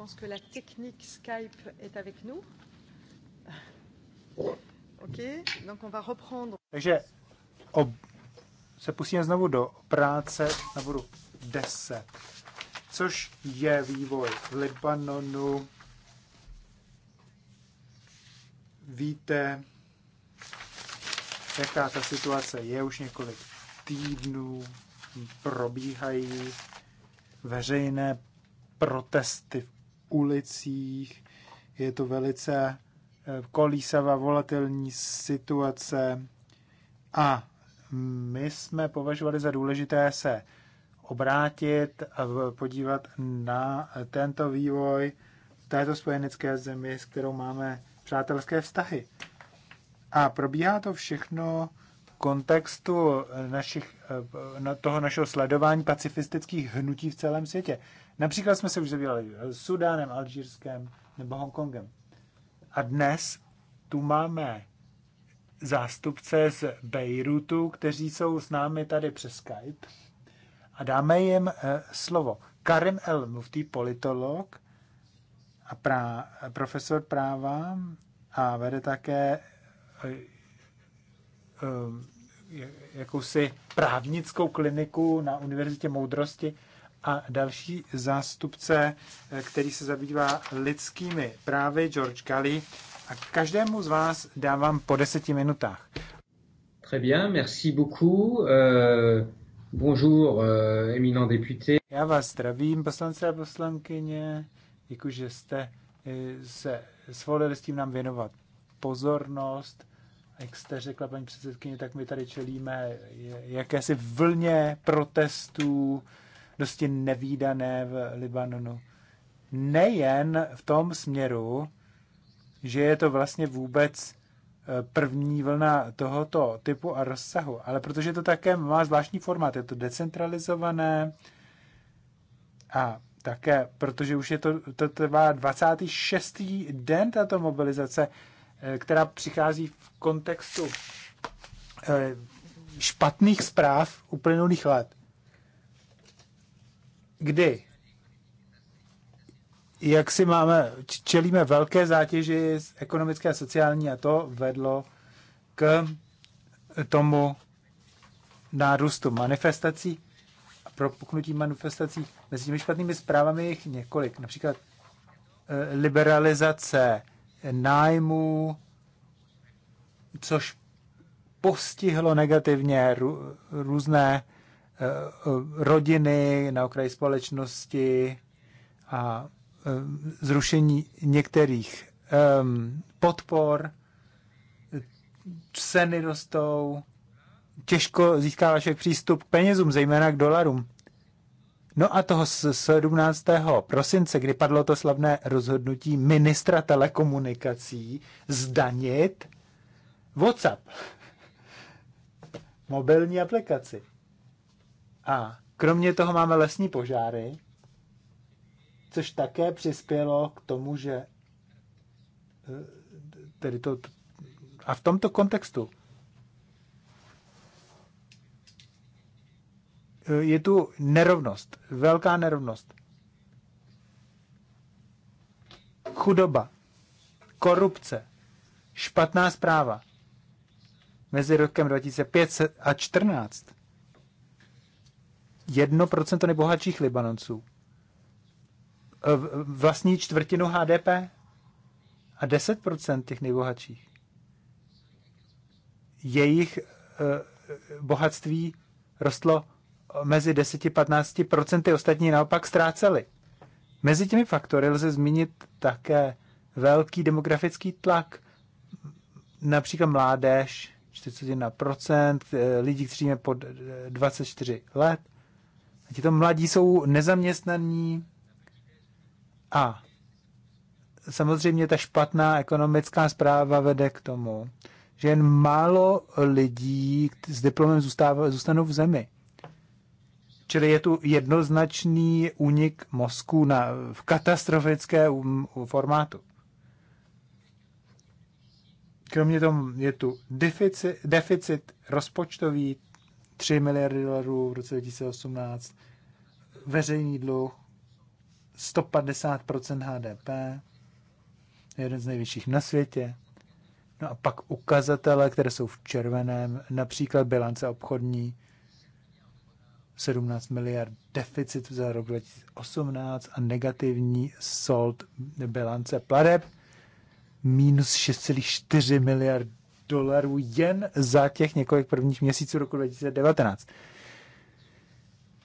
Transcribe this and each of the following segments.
pense que la technique Skype est avec nous. OK, donc on va reprendre. Takže ob, se pustíme znovu do práce na bodu 10, což je vývoj v Libanonu. Víte, jaká ta situace je už několik týdnů, probíhají veřejné protesty v ulicích. Je to velice eh, kolísavá, volatilní situace. A my jsme považovali za důležité se obrátit a podívat na tento vývoj této spojenecké zemi, s kterou máme přátelské vztahy. A probíhá to všechno kontextu našich, eh, toho našeho sledování pacifistických hnutí v celém světě. Například jsme se už zabývali Sudánem, Alžírskem nebo Hongkongem. A dnes tu máme zástupce z Bejrutu, kteří jsou s námi tady přes Skype a dáme jim eh, slovo. Karim El Mufti, politolog a prá, profesor práva a vede také eh, Um, jakousi právnickou kliniku na Univerzitě moudrosti a další zástupce, eh, který se zabývá lidskými právy, George Kelly. A každému z vás dávám po deseti minutách. Très bien, merci beaucoup. Euh, bonjour, uh, éminent député. Já vás zdravím, poslanci a poslankyně. Děkuji, že jste eh, se svolili s tím nám věnovat pozornost jak jste řekla, paní předsedkyně, tak my tady čelíme jakési vlně protestů, dosti nevýdané v Libanonu. Nejen v tom směru, že je to vlastně vůbec e, první vlna tohoto typu a rozsahu, ale protože to také má zvláštní formát, je to decentralizované a také, protože už je to, to trvá 26. den tato mobilizace, Eh, která přichází v kontextu eh, špatných zpráv uplynulých let, kdy jak si máme, čelíme velké zátěži z ekonomické a sociální a to vedlo k tomu nárůstu manifestací a propuknutí manifestací. Mezi těmi špatnými zprávami jich několik. Například eh, liberalizace nájmů, což postihlo negativně různé eh, rodiny na okraji společnosti a eh, zrušení některých ehm, podpor, ceny rostou, těžko získáváš přístup k penězům, zejména k dolarům. No a toho 17. prosince, kdy padlo to slavné rozhodnutí ministra telekomunikací zdanit WhatsApp, mobilní aplikaci. A kromě toho máme lesní požáry, což také přispělo k tomu, že eh, tedy to, a v tomto kontextu je tu nerovnost, velká nerovnost. Chudoba, korupce, špatná zpráva. Mezi rokem 2005 a 14 procento nejbohatších Libanonců e, vlastní čtvrtinu HDP a 10% těch nejbohatších. Jejich e, bohatství rostlo mezi 10-15%, ostatní naopak ztráceli. Mezi těmi faktory lze zmínit také velký demografický tlak, například mládež, 41% eh, lidí, kteří je pod 24 eh, let. A tito mladí jsou nezaměstnaní a samozřejmě ta špatná ekonomická zpráva vede k tomu, že jen málo lidí s diplomem zůstává, zůstanou v zemi. Čili je tu jednoznačný únik mozku na, v katastrofické formátu. Kromě toho je tu deficit, deficit rozpočtový 3 miliardy dolarů v roce 2018, veřejný dluh 150 HDP, jeden z nejvyšších na světě. No a pak ukazatele, které jsou v červeném, například bilance obchodní, 17 miliard deficit za rok 2018 a negativní sold bilance pladeb minus 6,4 miliard dolarů jen za těch několik prvních měsíců roku 2019.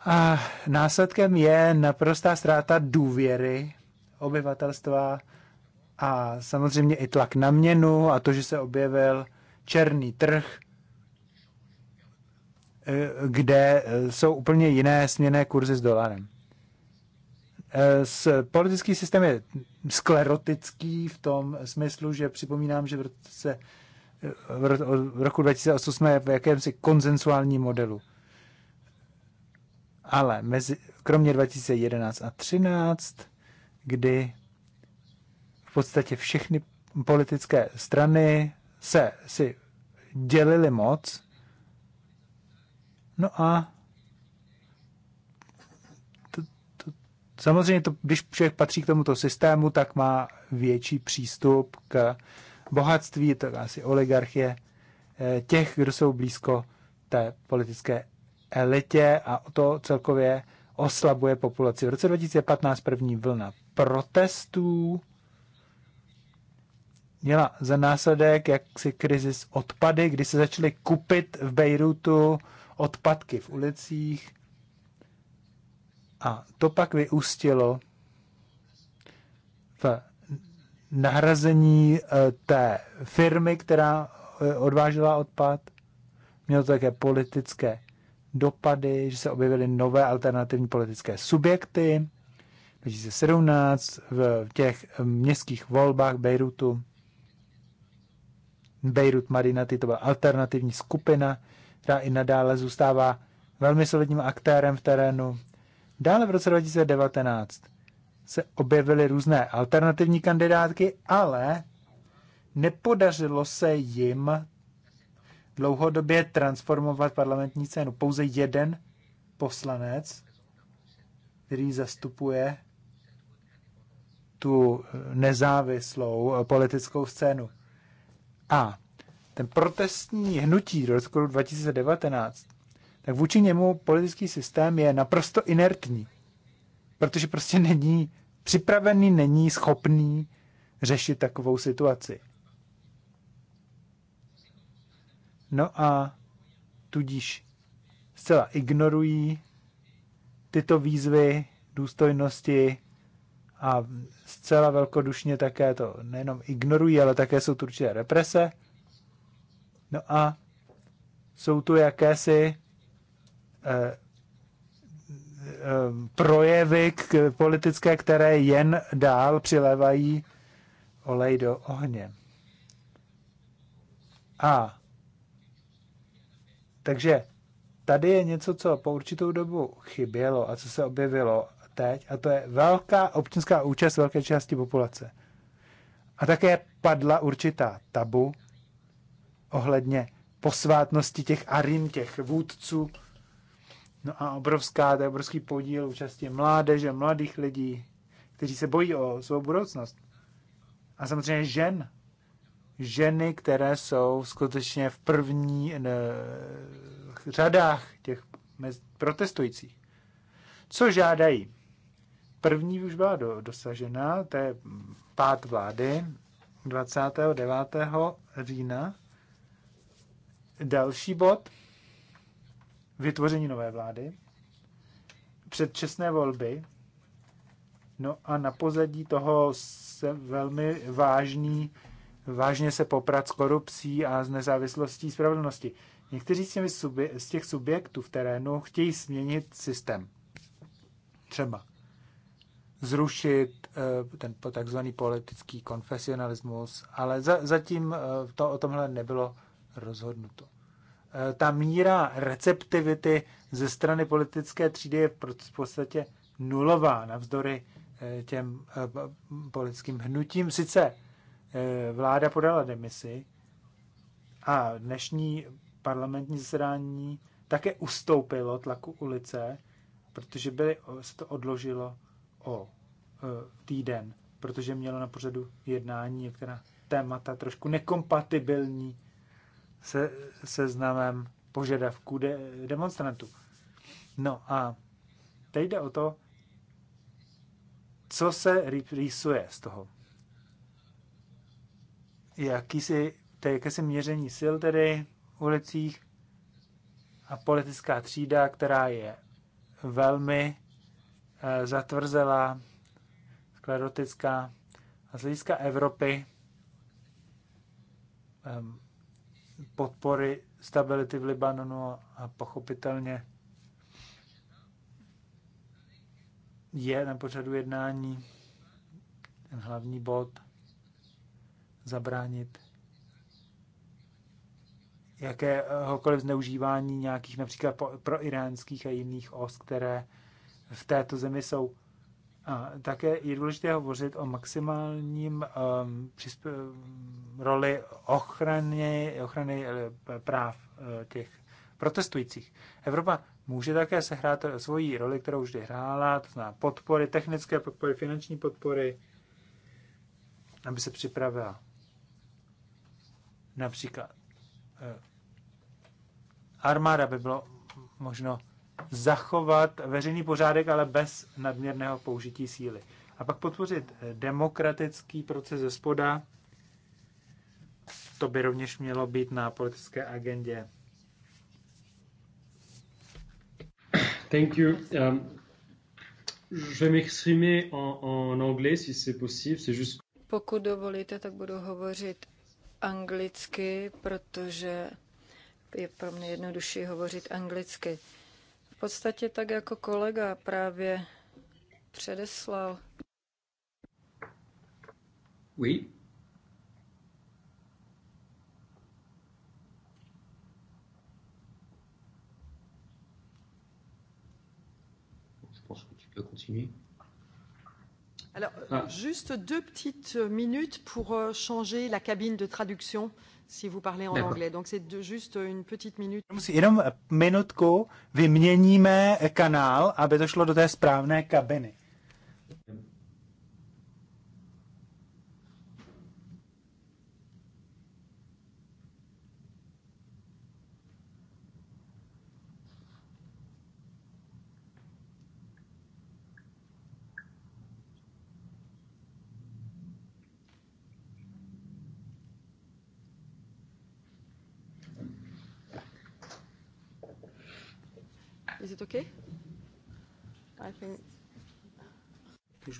A následkem je naprostá ztráta důvěry obyvatelstva a samozřejmě i tlak na měnu a to, že se objevil černý trh, Eh, kde eh, jsou úplně jiné směné kurzy s dolarem. Eh, politický systém je sklerotický v tom smyslu, že připomínám, že v roce v roku 2008 jsme v jakémsi konzensuálním modelu. Ale mezi, kromě 2011 a 2013, kdy v podstatě všechny politické strany se si dělily moc, No a to, to, samozřejmě, to, když člověk patří k tomuto systému, tak má větší přístup k bohatství, tak asi oligarchie eh, těch, kdo jsou blízko té politické elitě a to celkově oslabuje populaci. V roce 2015 první vlna protestů měla za následek jaksi krizis odpady, kdy se začaly kupit v Bejrutu odpadky v ulicích a to pak vyústilo v nahrazení e, té firmy, která e, odvážela odpad. Mělo to také politické dopady, že se objevily nové alternativní politické subjekty. 2017 v těch e, městských volbách Bejrutu. Beirut Marinati to byla alternativní skupina, která i nadále zůstává velmi solidním aktérem v terénu. Dále v roce 2019 se objevily různé alternativní kandidátky, ale nepodařilo se jim dlouhodobě transformovat parlamentní cenu. Pouze jeden poslanec, který zastupuje tu nezávislou politickou scénu. A ten protestní hnutí do roku 2019, tak vůči němu politický systém je naprosto inertní, protože prostě není připravený, není schopný řešit takovou situaci. No a tudíž zcela ignorují tyto výzvy důstojnosti a zcela velkodušně také to nejenom ignorují, ale také jsou tu určité represe. No a jsou tu jakési eh, eh, projevy k, politické, které jen dál přilevají olej do ohně. A takže tady je něco, co po určitou dobu chybělo a co se objevilo teď, a to je velká občanská účast velké části populace. A také padla určitá tabu ohledně posvátnosti těch arim, těch vůdců. No a obrovská, to je obrovský podíl účastí mládeže, mladých lidí, kteří se bojí o svou budoucnost. A samozřejmě žen. Ženy, které jsou skutečně v první ne, řadách těch protestujících. Co žádají? První už byla do, dosažena, to je pád vlády 29. října Další bod. Vytvoření nové vlády. Předčasné volby. No a na pozadí toho se velmi vážný, vážně se poprat s korupcí a s nezávislostí spravedlnosti. Někteří z, těmi subje- z těch subjektů v terénu chtějí změnit systém. Třeba zrušit eh, ten takzvaný politický konfesionalismus, ale za, zatím eh, to o tomhle nebylo rozhodnuto. E, ta míra receptivity ze strany politické třídy je v podstatě nulová, navzdory e, těm e, politickým hnutím. Sice vláda podala demisi a dnešní parlamentní zasedání také ustoupilo tlaku ulice, protože byly, se to odložilo o týden, protože mělo na pořadu jednání některá témata trošku nekompatibilní se seznamem požadavků de, demonstrantů. No a teď jde o to, co se rýsuje z toho. Jakýsi, to je jakési měření sil tedy v ulicích a politická třída, která je velmi e, zatvrzelá, sklerotická a z hlediska Evropy e, podpory stability v Libanonu a pochopitelně je na pořadu jednání ten hlavní bod zabránit jakéhokoliv zneužívání nějakých například pro iránských a jiných os, které v této zemi jsou. A také je důležité hovořit o maximálním um, um roli ochrany, ochrany eh, práv eh, těch protestujících. Evropa může také sehrát svoji roli, kterou vždy hrála, to znamená podpory, technické podpory, finanční podpory, aby se připravila například eh, armáda by bylo možno zachovat veřejný pořádek, ale bez nadměrného použití síly. A pak podpořit demokratický proces ze spoda. To by rovněž mělo být na politické agendě. Thank you. Um, je m'exprimer en, en anglais si c'est possible. C'est juste... Pokud dovolíte, tak budu hovořit anglicky, protože je pro mě jednodušší hovořit anglicky. Uh, v podstatě tak jako kolega právě předeslal. Oui. Alors, ah. juste deux petites minutes pour euh, changer la cabine de traduction si vous parlez en anglais. Donc c'est juste une petite minute. Jenom minutku vyměníme kanál, aby to šlo do té správné kabiny.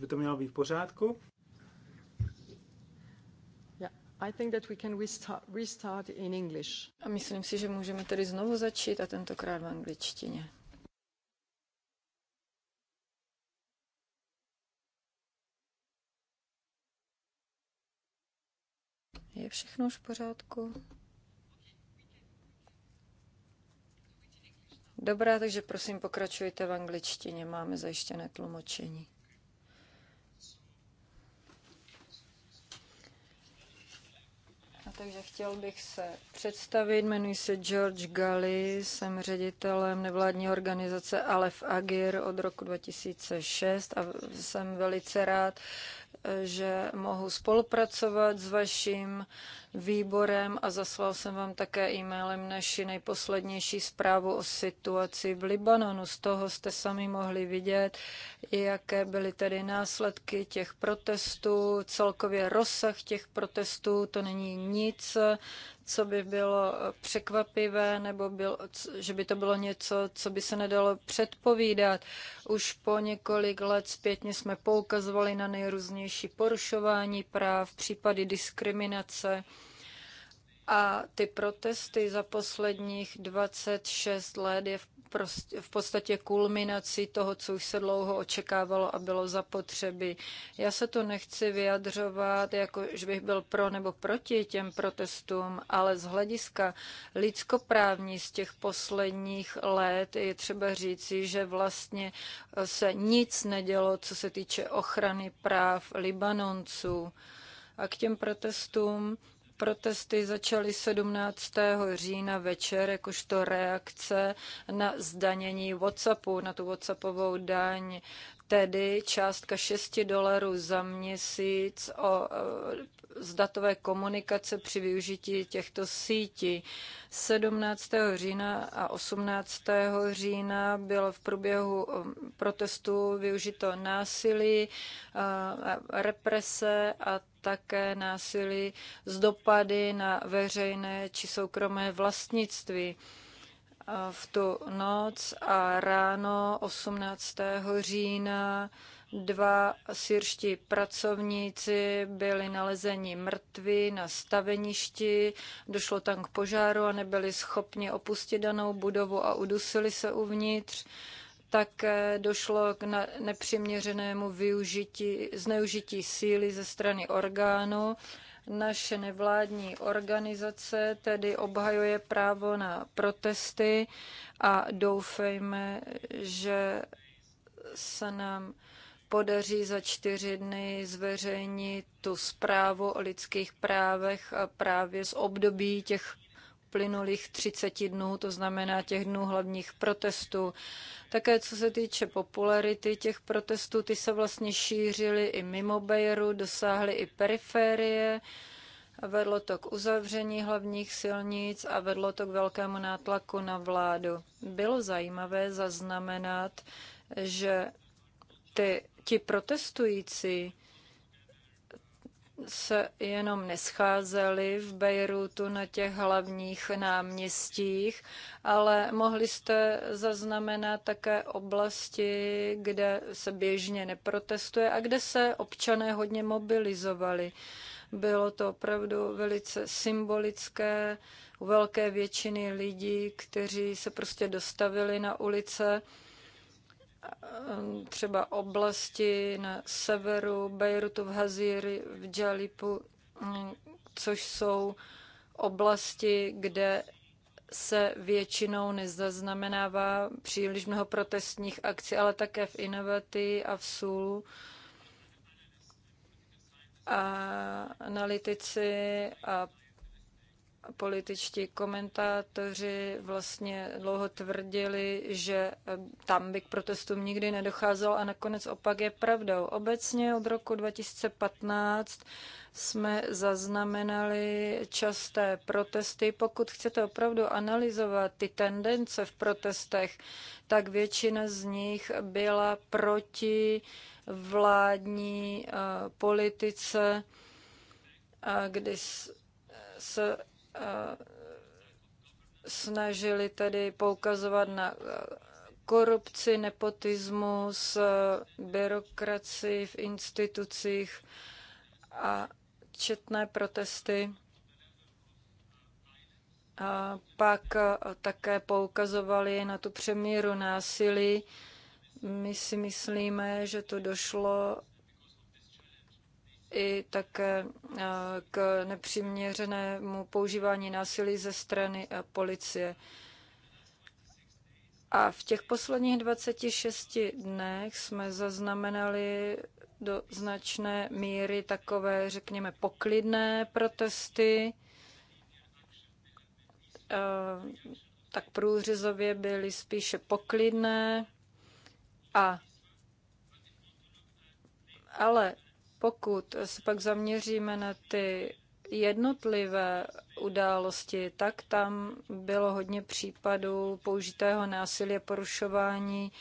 by to mělo být v pořádku. I think that we can restart, restart in English. A myslím si, že můžeme tedy znovu začít a tentokrát v angličtině. Je všechno už v pořádku? Dobrá, takže prosím pokračujte v angličtině, máme zajištěné tlumočení. takže chtěl bych se představit. Jmenuji se George Gully, jsem ředitelem nevládní organizace Alef Agir od roku 2006 a jsem velice rád, že mohu spolupracovat s vaším výborem a zaslal jsem vám také e-mailem naši nejposlednější zprávu o situaci v Libanonu. Z toho jste sami mohli vidět, jaké byly tedy následky těch protestů, celkově rozsah těch protestů, to není nic, co by bylo eh, překvapivé, nebo bylo, že by to bylo něco, co by se nedalo předpovídat. Už po několik let zpětně jsme poukazovali na nejrůznější porušování práv, případy diskriminace a ty protesty za posledních 26 let je v, prost, v podstatě kulminací toho, co už se dlouho očekávalo a bylo zapotřebí. Já se to nechci vyjadřovat, jako že bych byl pro nebo proti těm protestům, ale z hlediska lidskoprávní z těch posledních let je třeba říci, že vlastně eh, se nic nedělo, co se týče ochrany práv Libanonců. A k těm protestům Protesty začaly 17. října večer jakožto reakce na zdanění WhatsAppu, na tu WhatsAppovou daň tedy částka 6 dolarů za měsíc o, eh, z datové komunikace při využití těchto sítí. 17. října a 18. října bylo v průběhu eh, protestu využito násilí, eh, represe a také násilí z dopady na veřejné či soukromé vlastnictví. V tu noc a ráno 18. října dva syrští pracovníci byli nalezeni mrtví na staveništi, došlo tam k požáru a nebyli schopni opustit danou budovu a udusili se uvnitř. Také eh, došlo k nepřiměřenému využití, zneužití síly ze strany orgánů. Naše nevládní organizace tedy obhajuje právo na protesty a doufejme, že se nám podaří za čtyři dny zveřejnit tu zprávu o lidských právech právě z období těch uplynulých 30 dnů, to znamená těch dnů hlavních protestů. Také co se týče popularity těch protestů, ty se vlastně šířily i mimo Bejru, dosáhly i periférie. Vedlo to k uzavření hlavních silnic a vedlo to k velkému nátlaku na vládu. Bylo zajímavé zaznamenat, že ty, ti protestující se jenom nescházeli v Bejrutu na těch hlavních náměstích, ale mohli jste zaznamenat také oblasti, kde se běžně neprotestuje a kde se občané hodně mobilizovali. Bylo to opravdu velice symbolické u velké většiny lidí, kteří se prostě dostavili na ulice třeba oblasti na severu Bejrutu, v Hazíry, v Džalipu, mm, což jsou oblasti, kde se většinou nezaznamenává příliš mnoho protestních akcí, ale také v Inovaty a v Sulu. A analytici a političtí komentátoři vlastně dlouho tvrdili, že eh, tam by k protestům nikdy nedocházelo a nakonec opak je pravdou. Obecně od roku 2015 jsme zaznamenali časté protesty. Pokud chcete opravdu analyzovat ty tendence v protestech, tak většina z nich byla proti vládní eh, politice, eh, kdy se snažili tedy poukazovat na eh, korupci, nepotismus, eh, byrokracii v institucích a četné protesty. A pak eh, také poukazovali na tu přemíru násilí. My si myslíme, že to došlo i také eh, k nepřiměřenému používání násilí ze strany eh, policie. A v těch posledních 26 dnech jsme zaznamenali do značné míry takové, řekněme, poklidné protesty. Eh, tak průřezově byly spíše poklidné. A ale pokud se pak zaměříme na ty jednotlivé události, tak tam bylo hodně případů použitého násilí a porušování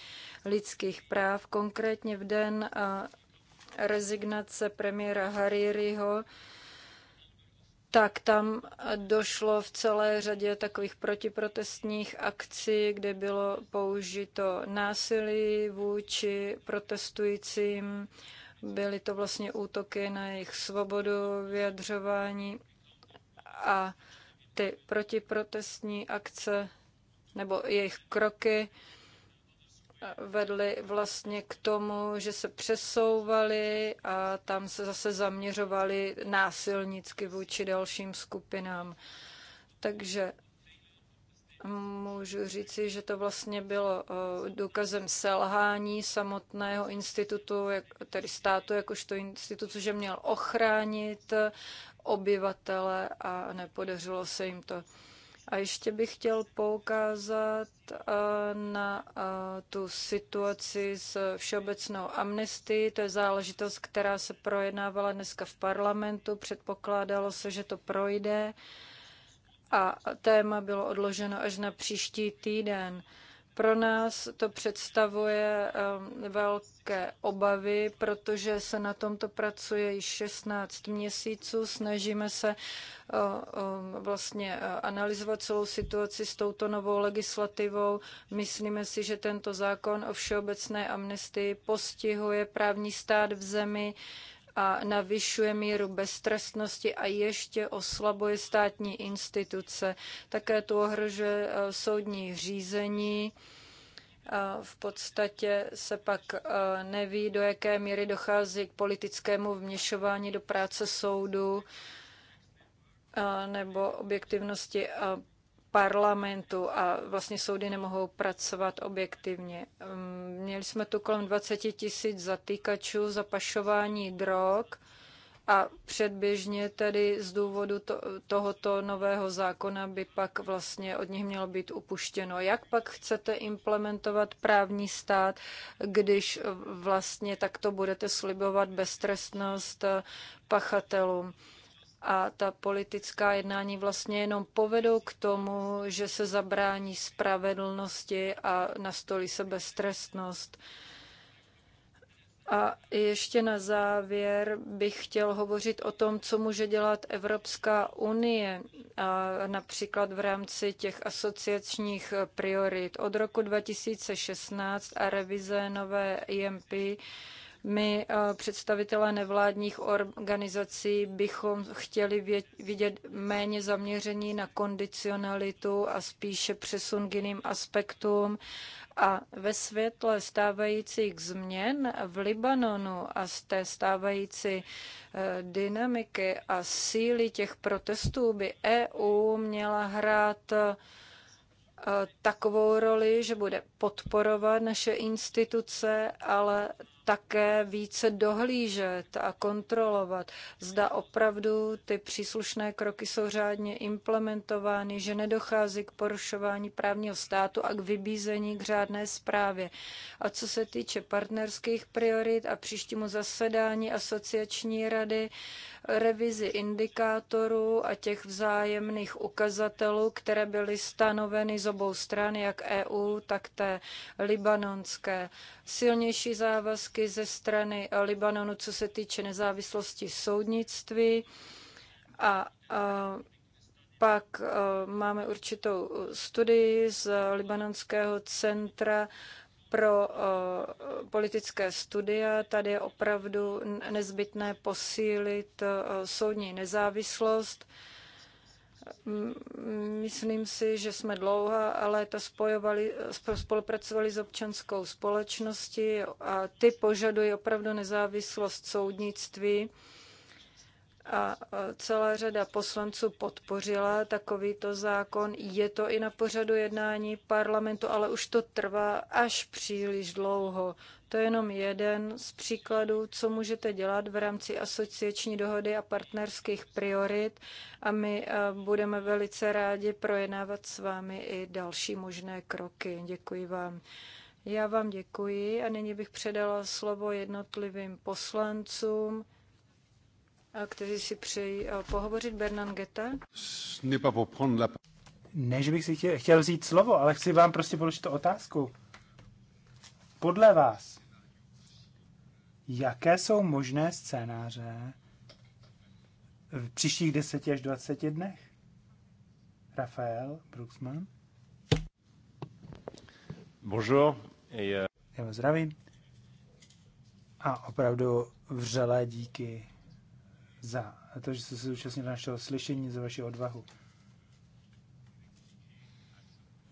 lidských práv. Konkrétně v den rezignace premiéra Haririho, tak tam došlo v celé řadě takových protiprotestních akcí, kde bylo použito násilí vůči protestujícím Byly to vlastně útoky na jejich svobodu vyjadřování a ty protiprotestní akce nebo jejich kroky vedly vlastně k tomu, že se přesouvali a tam se zase zaměřovali násilnicky vůči dalším skupinám. Takže Můžu říci, že to vlastně bylo eh, důkazem selhání samotného institutu, tedy státu, jakožto institutu, že měl ochránit obyvatele a nepodařilo se jim to. A ještě bych chtěl poukázat eh, na eh, tu situaci s všeobecnou amnestií. To je záležitost, která se projednávala dneska v parlamentu. Předpokládalo se, že to projde a téma bylo odloženo až na příští týden. Pro nás to představuje eh, velké obavy, protože se na tomto pracuje již 16 měsíců. Snažíme se eh, eh, vlastně analyzovat celou situaci s touto novou legislativou. Myslíme si, že tento zákon o všeobecné amnestii postihuje právní stát v zemi, a navyšuje míru beztrestnosti a ještě oslabuje státní instituce. Také to ohrožuje eh, soudní řízení. Eh, v podstatě se pak eh, neví, do jaké míry dochází k politickému vměšování do práce soudu nebo objektivnosti a parlamentu a vlastně soudy nemohou pracovat objektivně. Měli jsme tu kolem 20 tisíc zatýkačů za pašování drog a předběžně tedy z důvodu to, tohoto nového zákona by pak vlastně od nich mělo být upuštěno. Jak pak chcete implementovat právní stát, když vlastně takto budete slibovat beztrestnost pachatelům? a ta politická jednání vlastně jenom povedou k tomu, že se zabrání spravedlnosti a nastolí se beztrestnost. A ještě na závěr bych chtěl hovořit o tom, co může dělat Evropská unie, a například v rámci těch asociačních priorit. Od roku 2016 a revize nové IMP my, eh, představitelé nevládních organizací, bychom chtěli vidět méně zaměření na kondicionalitu a spíše přesun k jiným aspektům. A ve světle stávajících změn v Libanonu a z té stávající eh, dynamiky a síly těch protestů by EU měla hrát eh, takovou roli, že bude podporovat naše instituce, ale také více dohlížet a kontrolovat, zda opravdu ty příslušné kroky jsou řádně implementovány, že nedochází k porušování právního státu a k vybízení k řádné správě. A co se týče partnerských priorit a příštímu zasedání asociační rady, revizi indikátorů a těch vzájemných ukazatelů, které byly stanoveny z obou stran, jak EU, tak té libanonské silnější závazky ze strany Libanonu, co se týče nezávislosti soudnictví a, a pak e, máme určitou studii z Libanonského centra pro e, politické studia. Tady je opravdu nezbytné posílit e, soudní nezávislost Myslím si, že jsme dlouhá léta spojovali, spolupracovali s občanskou společností a ty požadují opravdu nezávislost soudnictví a celá řada poslanců podpořila takovýto zákon. Je to i na pořadu jednání parlamentu, ale už to trvá až příliš dlouho. To je jenom jeden z příkladů, co můžete dělat v rámci asociační dohody a partnerských priorit a my budeme velice rádi projednávat s vámi i další možné kroky. Děkuji vám. Já vám děkuji a nyní bych předala slovo jednotlivým poslancům. Eh, kteří si přejí eh, pohovořit. Bernan Geta. Ne, že bych si chtěl, chtěl vzít slovo, ale chci vám prostě položit otázku. Podle vás, jaké jsou možné scénáře v příštích 10 až 20 dnech? Rafael Bruxman. Bonjour. Já vás zdravím. A opravdu vřelé díky za to, že jste se zúčastnili našeho slyšení, za vaši odvahu.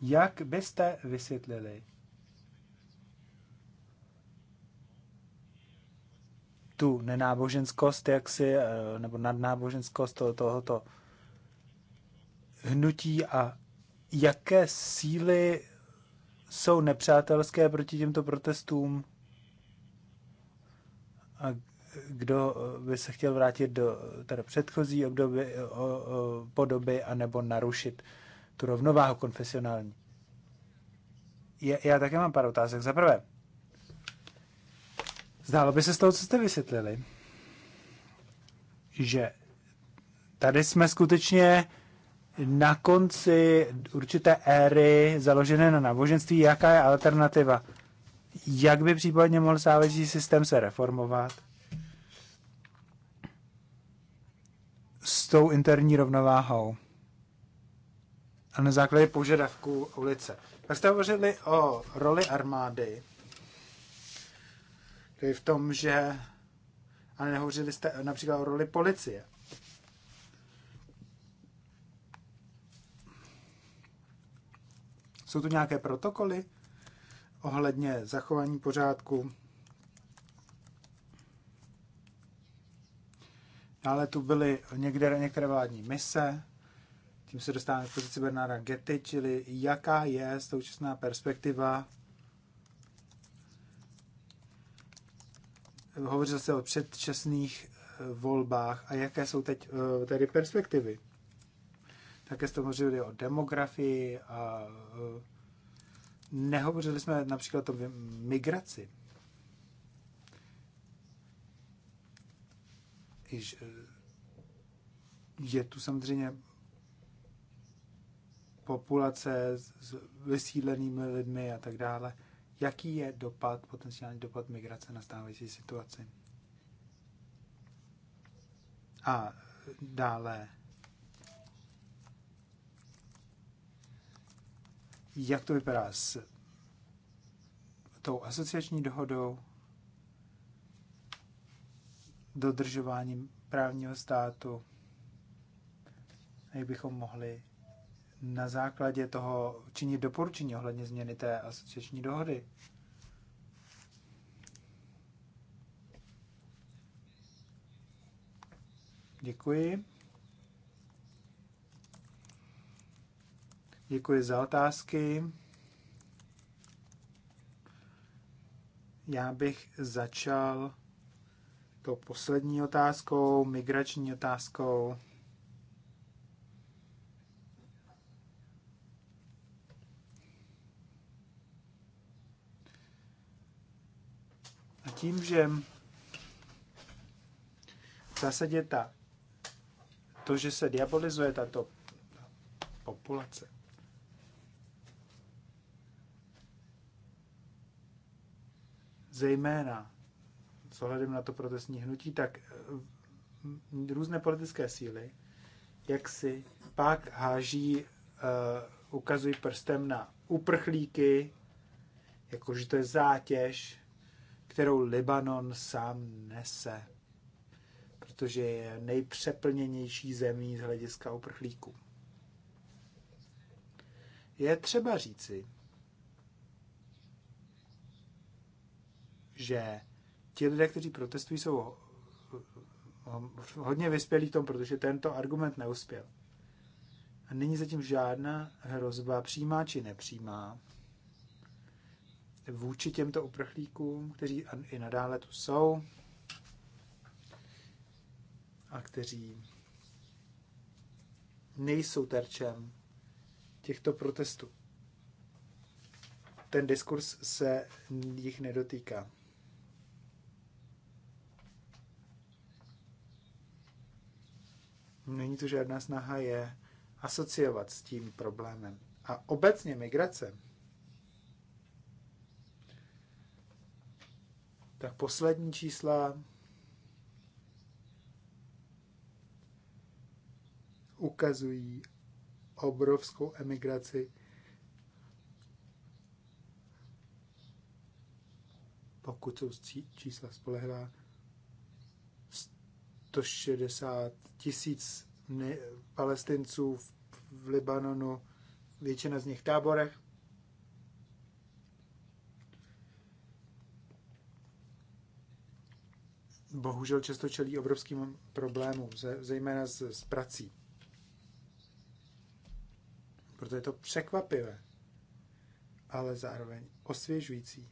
Jak byste vysvětlili tu nenáboženskost, jak si, eh, nebo nadnáboženskost toho, tohoto hnutí a jaké síly jsou nepřátelské proti těmto protestům a kdo eh, by se chtěl vrátit do teda předchozí období, eh, o, o, podoby anebo narušit tu rovnováhu konfesionální. Je, já také mám pár otázek. Za prvé, zdálo by se z toho, co jste vysvětlili, že tady jsme skutečně na konci určité éry založené na náboženství, jaká je alternativa? Jak by případně mohl stávající systém se reformovat? s tou interní rovnováhou a na základě požadavků ulice. Tak jste hovořili o roli armády, tedy v tom, že a nehovořili jste například o roli policie. Jsou tu nějaké protokoly ohledně zachování pořádku? Dále tu byly někde, některé vládní mise, tím se dostáváme k pozici Bernarda Getty, čili jaká je současná perspektiva. Hovořil se o předčasných eh, volbách a jaké jsou teď eh, tedy perspektivy. Také jste hovořili o demografii a eh, nehovořili jsme například o migraci. že je tu samozřejmě populace s vysídlenými lidmi a tak dále. Jaký je dopad, potenciální dopad migrace na stávající situaci? A dále. Jak to vypadá s tou asociační dohodou? dodržováním právního státu. A jak bychom mohli na základě toho činit doporučení ohledně změny té asociační dohody. Děkuji. Děkuji za otázky. Já bych začal tou poslední otázkou, migrační otázkou. A tím, že v zásadě ta, to, že se diabolizuje tato populace, zejména s ohledem na to protestní hnutí, tak eh, různé politické síly, jak si pak háží, uh, ukazují prstem na uprchlíky, jakože to je zátěž, kterou Libanon sám nese, protože je nejpřeplněnější zemí z hlediska uprchlíků. Je třeba říci, že ti lidé, kteří protestují, jsou eh, eh, hodně vyspělí v tom, protože tento argument neuspěl. A není zatím žádná hrozba, přímá či nepřímá, vůči těmto uprchlíkům, kteří i nadále tu jsou a kteří nejsou terčem těchto protestů. Ten diskurs se jich nedotýká. není tu žádná snaha je asociovat s tím problémem. A obecně migrace, tak poslední čísla ukazují obrovskou emigraci. Pokud jsou čísla spolehlivá, 160 tisíc palestinců v Libanonu, většina z nich v táborech. Bohužel často čelí obrovským problémům, zejména s, s prací. Proto je to překvapivé, ale zároveň osvěžující,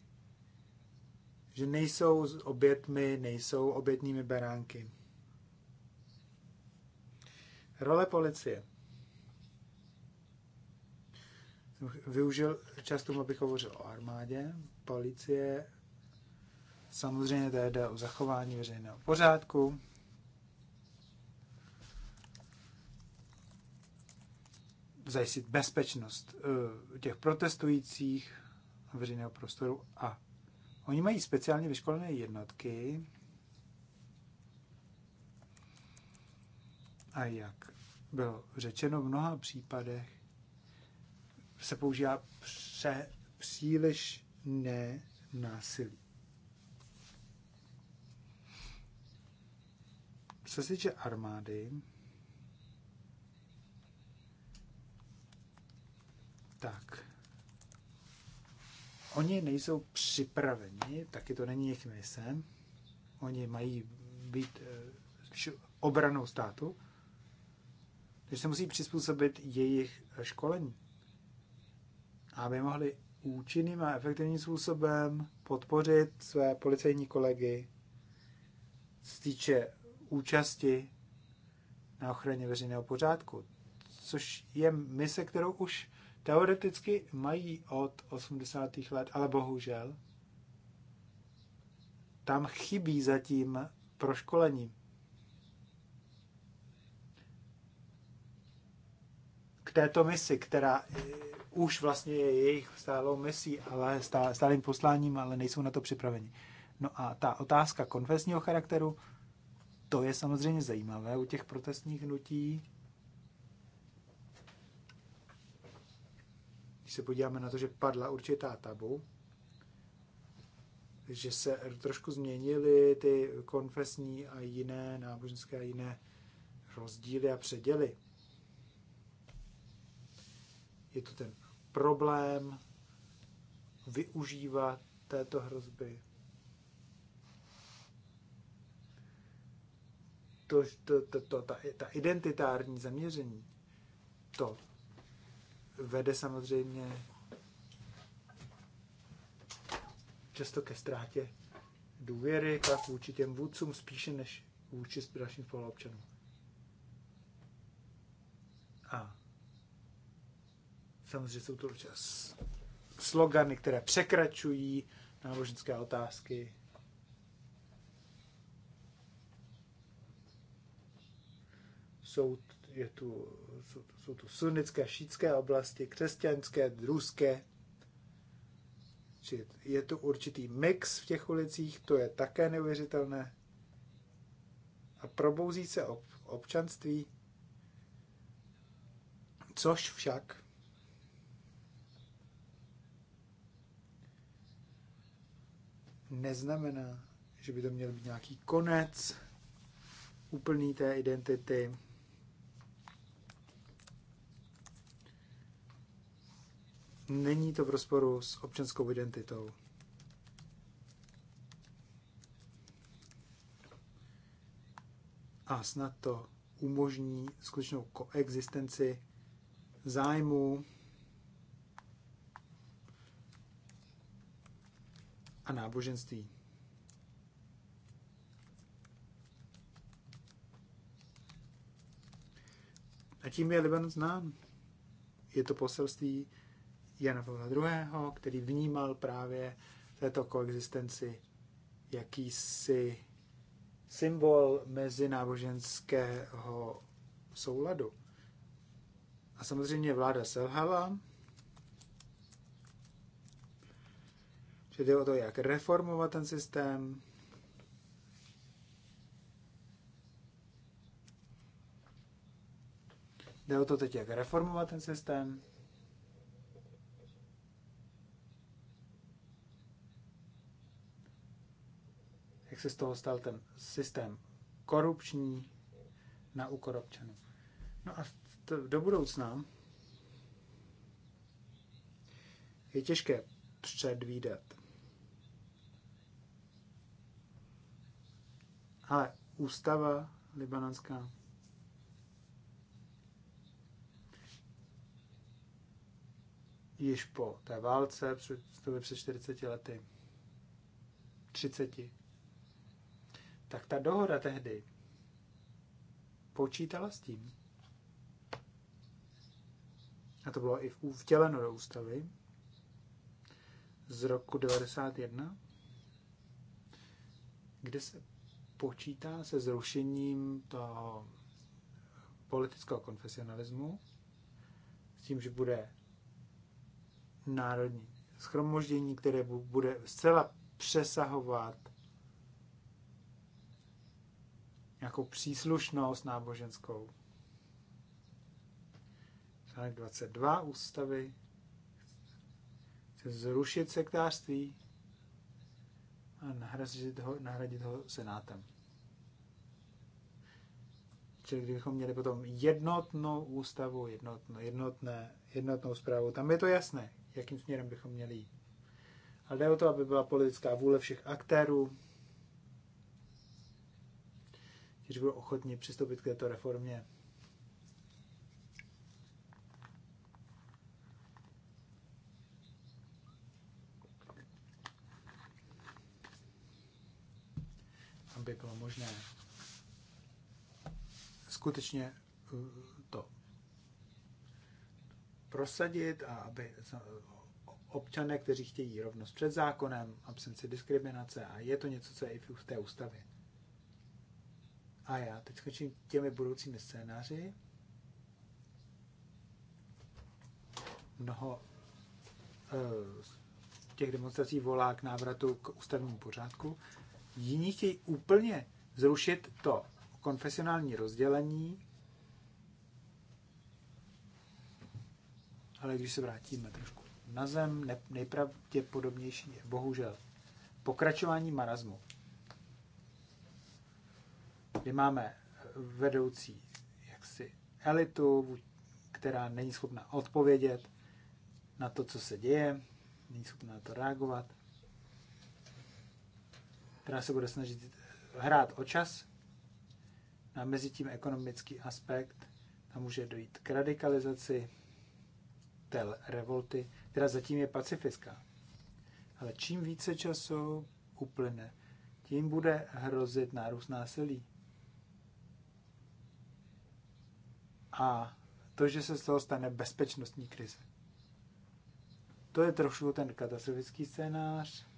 že nejsou obětmi, nejsou obětními beránky Role policie. Využil čas tomu, abych hovořil o armádě. Policie samozřejmě to jde o zachování veřejného pořádku, zajistit bezpečnost eh, těch protestujících veřejného prostoru a oni mají speciálně vyškolené jednotky, A jak bylo řečeno v mnoha případech, se používá pře, příliš ne násilí. Co se týče armády, tak oni nejsou připraveni, taky to není jejich mise, oni mají být eh, obranou státu, takže se musí přizpůsobit jejich školení, aby mohli účinným a efektivním způsobem podpořit své policejní kolegy, se týče účasti na ochraně veřejného pořádku, což je mise, kterou už teoreticky mají od 80. let, ale bohužel tam chybí zatím proškolení. k této misi, která eh, už vlastně je jejich stálou misí, ale stálým posláním, ale nejsou na to připraveni. No a ta otázka konfesního charakteru, to je samozřejmě zajímavé u těch protestních hnutí. Když se podíváme na to, že padla určitá tabu, že se trošku změnily ty konfesní a jiné náboženské a jiné rozdíly a předěly je to ten problém využívat této hrozby. To, to, to, to, ta, ta identitární zaměření, to vede samozřejmě často ke ztrátě důvěry pak vůči těm vůdcům spíše než vůči dalším spoluobčanům. A Samozřejmě jsou to občas slogany, které překračují náboženské otázky. Jsou, je tu, jsou, jsou tu sunnické, šítské oblasti, křesťanské, ruské. Či je tu určitý mix v těch ulicích, to je také neuvěřitelné. A probouzí se ob, občanství, což však neznamená, že by to měl být nějaký konec úplný té identity. Není to v rozporu s občanskou identitou. A snad to umožní skutečnou koexistenci zájmu. a náboženství. A tím je Libanon znám. Je to poselství Jana Pavla II., který vnímal právě této koexistenci jakýsi symbol mezi náboženského souladu. A samozřejmě vláda selhala, jde o to, jak reformovat ten systém, Jde o to teď, jak reformovat ten systém. Jak se z toho stal ten systém korupční na úkor občanů. No a to do budoucna je těžké předvídat. Ale ústava libanonská již po té válce, před, před 40 lety, 30, tak ta dohoda tehdy počítala s tím, a to bylo i vtěleno do ústavy z roku 91, kde se počítá se zrušením toho politického konfesionalismu, s tím, že bude národní schromoždění, které bude zcela přesahovat nějakou příslušnost náboženskou. Článek 22 ústavy chce zrušit sektářství, a nahradit ho, nahradit ho senátem. Čili kdybychom měli potom jednotnou ústavu, jednotnou jednotné, jednotnou zprávu, tam je to jasné, jakým směrem bychom měli jít. Ale jde o to, aby byla politická vůle všech aktérů, kteří budou ochotni přistoupit k této reformě. by bylo možné skutečně eh, to prosadit a aby občané, kteří chtějí rovnost před zákonem, absenci diskriminace a je to něco, co je i v té ústavě. A já teď skočím těmi budoucími scénáři. Mnoho eh, těch demonstrací volá k návratu k ústavnímu pořádku. Jiní chtějí úplně zrušit to konfesionální rozdělení, ale když se vrátíme trošku na zem, nejpravděpodobnější je bohužel pokračování marazmu, kdy máme vedoucí jaksi elitu, která není schopna odpovědět na to, co se děje, není schopna na to reagovat která se bude snažit eh, hrát o čas a mezi tím ekonomický aspekt, tam může dojít k radikalizaci té revolty, která zatím je pacifická. Ale čím více času uplyne, tím bude hrozit nárůst násilí. A to, že se z toho stane bezpečnostní krize. To je trošku ten katastrofický scénář,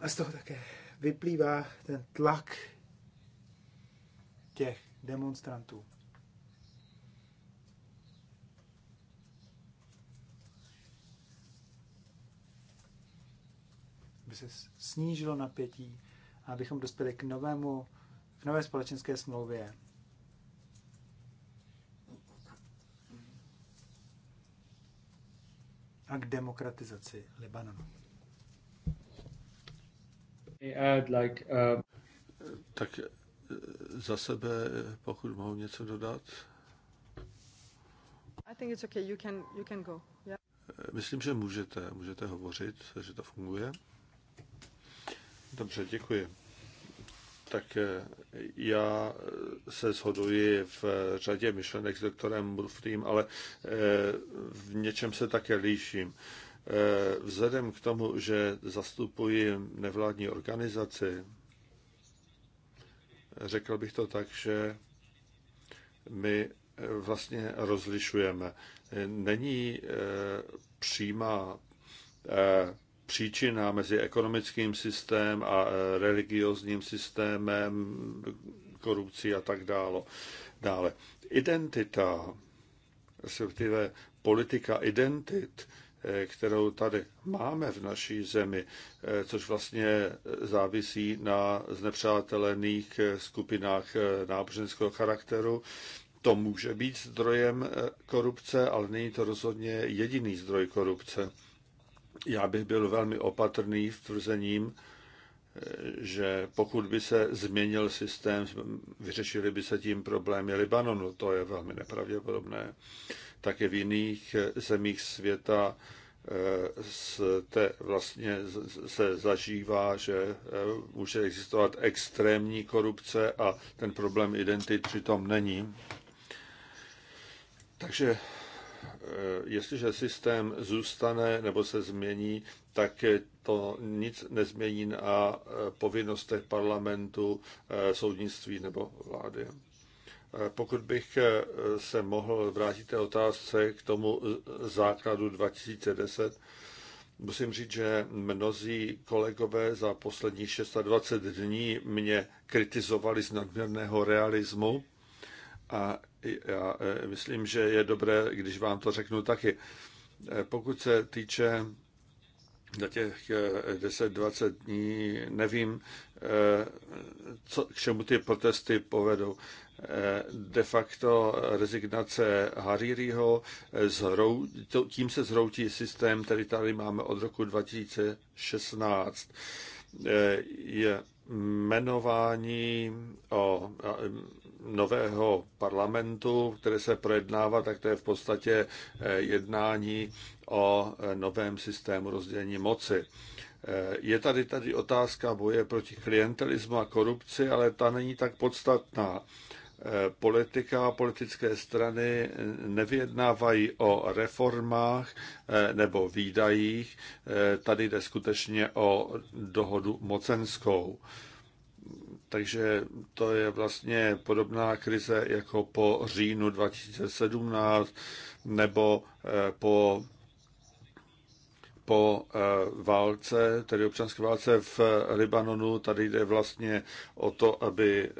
A z toho také vyplývá ten tlak těch demonstrantů. Aby se snížilo napětí a abychom dospěli k novému, k nové společenské smlouvě, a k demokratizaci Libanonu. Uh, tak eh, za sebe, pokud mohu něco dodat. I think it's okay. You can, you can go. Yeah. Eh, myslím, že můžete, můžete hovořit, že to funguje. Dobře, děkuji. Tak eh, já se shoduji v řadě myšlenek s doktorem Murftým, ale v něčem se také líším. Eh, vzhledem k tomu, že zastupuji nevládní organizaci, řekl bych to tak, že my eh, vlastně rozlišujeme. Není eh, přímá příčina mezi ekonomickým systémem a religiozním systémem, korupcí a tak dále. dále. Identita, respektive politika identit, kterou tady máme v naší zemi, eh, což vlastně závisí na znepřátelených skupinách eh, náboženského charakteru. To může být zdrojem eh, korupce, ale není to rozhodně jediný zdroj korupce. Já bych byl velmi opatrný v tvrzením, že pokud by se změnil systém, vyřešili by se tím problémy Libanonu, to je velmi nepravděpodobné, tak je v jiných zemích světa eh, se vlastně se zažívá, že eh, může existovat extrémní korupce a ten problém identit přitom není. Takže Eh, jestliže systém zůstane nebo se změní, tak to nic nezmění na eh, povinnostech parlamentu, eh, soudnictví nebo vlády. Pokud bych se mohl vrátit té otázce k tomu základu 2010, musím říct, že mnozí kolegové za posledních 26 dní mě kritizovali z nadměrného realismu a já e, myslím, že je dobré, když vám to řeknu taky. E, pokud se týče za těch 10-20 e, dní, nevím, co, k čemu ty protesty povedou. De facto rezignace Haririho, zhrou, tím se zhroutí systém, který tady máme od roku 2016. Je jmenování o nového parlamentu, které se projednává, tak to je v podstatě eh, jednání o eh, novém systému rozdělení moci. Eh, je tady tady otázka boje proti klientelismu a korupci, ale ta není tak podstatná. Politika a politické strany nevyjednávají o reformách nebo výdajích. Tady jde skutečně o dohodu mocenskou. Takže to je vlastně podobná krize jako po říjnu 2017 nebo eh, po, po eh, válce, tedy občanské válce v eh, Libanonu. Tady jde vlastně o to, aby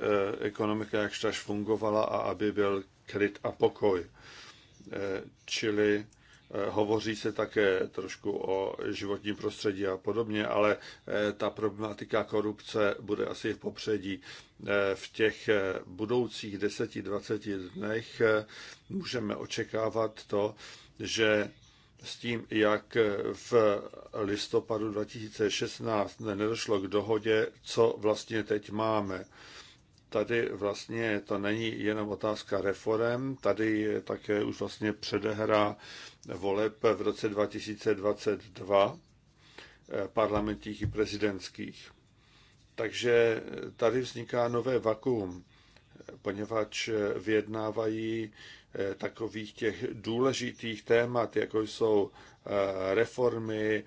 ekonomika jakž fungovala a aby byl klid a pokoj. Čili Eh, hovoří se také trošku o životním prostředí a podobně, ale eh, ta problematika korupce bude asi v popředí. Eh, v těch budoucích 10-20 dnech můžeme očekávat to, že s tím, jak v listopadu 2016 nedošlo k dohodě, co vlastně teď máme tady vlastně to není jenom otázka reform, tady je také už vlastně předehra voleb v roce 2022 eh, parlamentních i prezidentských. Takže tady vzniká nové vakuum, eh, poněvadž eh, vyjednávají takových těch důležitých témat, jako jsou reformy,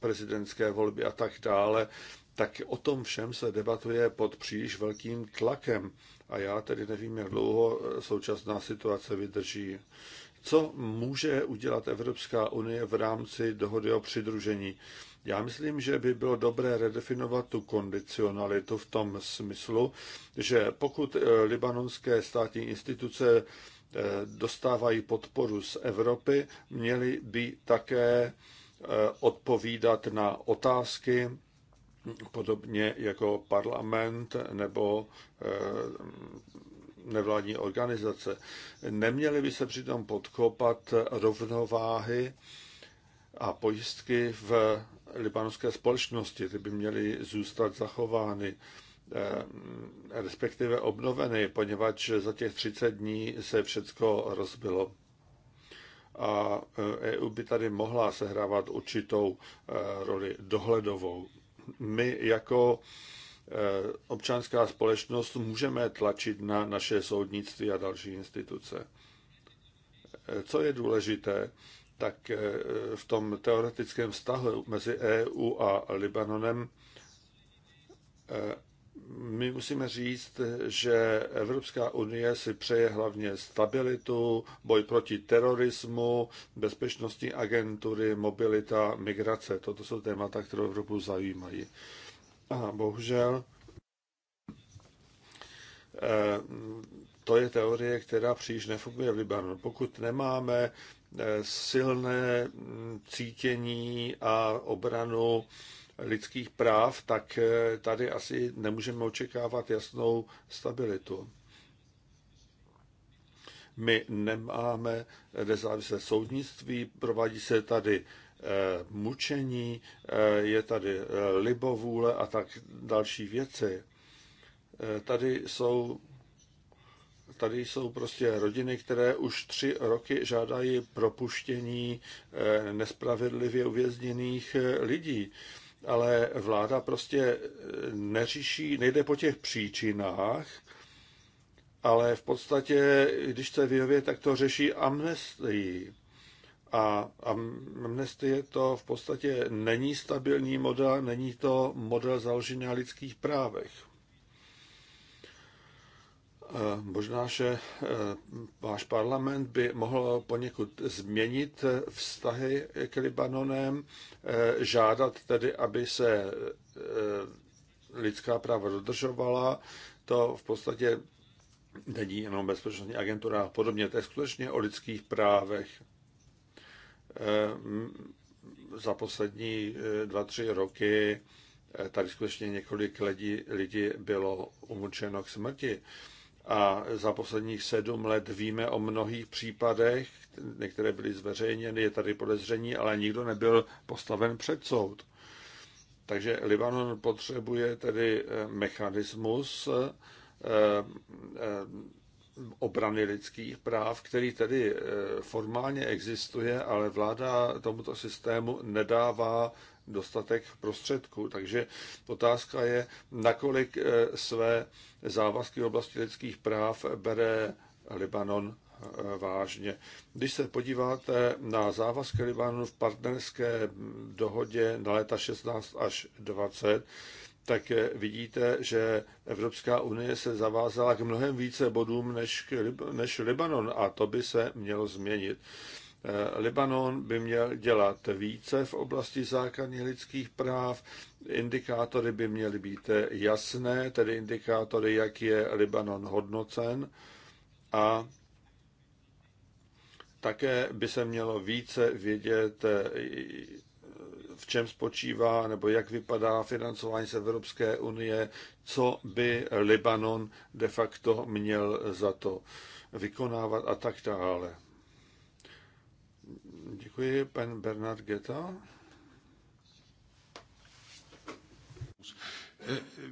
prezidentské volby a tak dále, tak o tom všem se debatuje pod příliš velkým tlakem. A já tedy nevím, jak dlouho současná situace vydrží. Co může udělat Evropská unie v rámci dohody o přidružení? Já myslím, že by bylo dobré redefinovat tu kondicionalitu v tom smyslu, že pokud eh, libanonské státní instituce eh, dostávají podporu z Evropy, měly by také eh, odpovídat na otázky podobně jako parlament nebo eh, nevládní organizace. Neměly by se přitom podkopat rovnováhy a pojistky v libanonské společnosti. Ty by měly zůstat zachovány, eh, respektive obnoveny, poněvadž za těch 30 dní se všechno rozbilo. A EU eh, e by tady mohla sehrávat určitou roli dohledovou my jako eh, občanská společnost můžeme tlačit na naše soudnictví a další instituce. Eh, co je důležité, tak eh, v tom teoretickém vztahu mezi EU a Libanonem my musíme říct, že Evropská unie si přeje hlavně stabilitu, boj proti terorismu, bezpečnostní agentury, mobilita, migrace. Toto jsou témata, které Evropu zajímají. A bohužel eh, to je teorie, která příliš nefunguje v Libanonu. Pokud nemáme eh, silné mm, cítění a obranu lidských práv, tak eh, tady asi nemůžeme očekávat jasnou stabilitu. My nemáme nezávislé soudnictví, provádí se tady eh, mučení, eh, je tady libovůle a tak další věci. Tady jsou, tady jsou prostě rodiny, které už tři roky žádají propuštění nespravedlivě uvězněných lidí ale vláda prostě eh, neřeší, nejde po těch příčinách, ale v podstatě, když se vyhovět, tak to řeší amnestii. A amnestie to v podstatě není stabilní model, není to model založený na lidských právech. Eh, možná, že eh, váš parlament by mohl poněkud změnit eh, vztahy k Libanonem, žádat tedy, aby se lidská práva dodržovala. To v podstatě není jenom bezpečnostní agentura a podobně, to je skutečně o lidských právech. Za poslední dva, tři roky tady skutečně několik lidí, lidí bylo umučeno k smrti a za posledních sedm let víme o mnohých případech, některé byly zveřejněny, je tady podezření, ale nikdo nebyl postaven před soud. Takže Libanon potřebuje tedy eh, mechanismus eh, eh, obrany lidských práv, který tedy formálně existuje, ale vláda tomuto systému nedává dostatek prostředků. Takže otázka je, nakolik eh, své závazky v oblasti lidských práv bere Libanon eh, vážně. Když se podíváte na závazky Libanonu v partnerské dohodě na léta 16 až 20, tak eh, vidíte, že Evropská unie se zavázala k mnohem více bodům než, než Libanon a to by se mělo změnit. Eh, Libanon by měl dělat více v oblasti základní lidských práv. Indikátory by měly být jasné, tedy indikátory, jak je Libanon hodnocen. A také by se mělo více vědět, eh, v čem spočívá nebo jak vypadá financování z Evropské unie, co by Libanon de facto měl za to vykonávat a tak dále. Děkuji, pan Bernard Geta.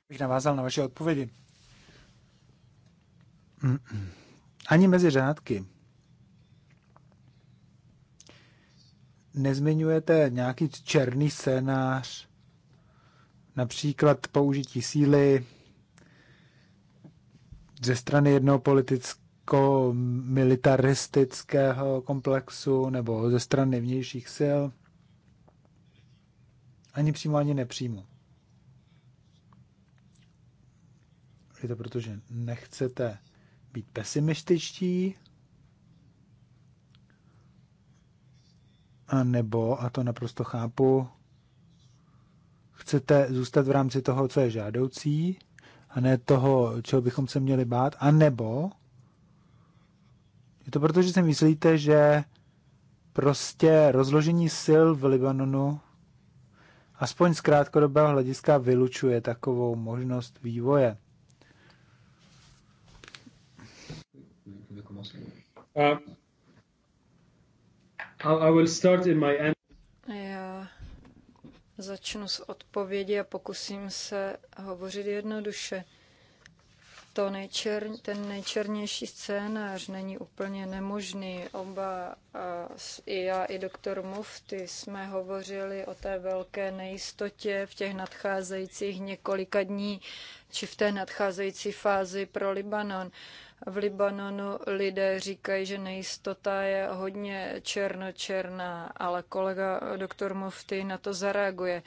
Bych navázal na vaše odpovědi. Ani mezi řádky nezmiňujete nějaký černý scénář, například použití síly ze strany jednoho politického ko- militaristického komplexu nebo ze strany vnějších sil. Ani přímo, ani nepřímo. Je to proto, že nechcete být pesimističtí, a nebo, a to naprosto chápu, chcete zůstat v rámci toho, co je žádoucí, a ne toho, čeho bychom se měli bát, a nebo je to proto, že si myslíte, že prostě rozložení sil v Libanonu aspoň z krátkodobého hlediska vylučuje takovou možnost vývoje. Uh, I will start in my end. Já začnu s odpovědi a pokusím se hovořit jednoduše to nejčer, ten nejčernější scénář není úplně nemožný. Oba, i já, i doktor Mufty, jsme hovořili o té velké nejistotě v těch nadcházejících několika dní, či v té nadcházející fázi pro Libanon. V Libanonu lidé říkají, že nejistota je hodně černočerná, ale kolega doktor Mufty na to zareaguje.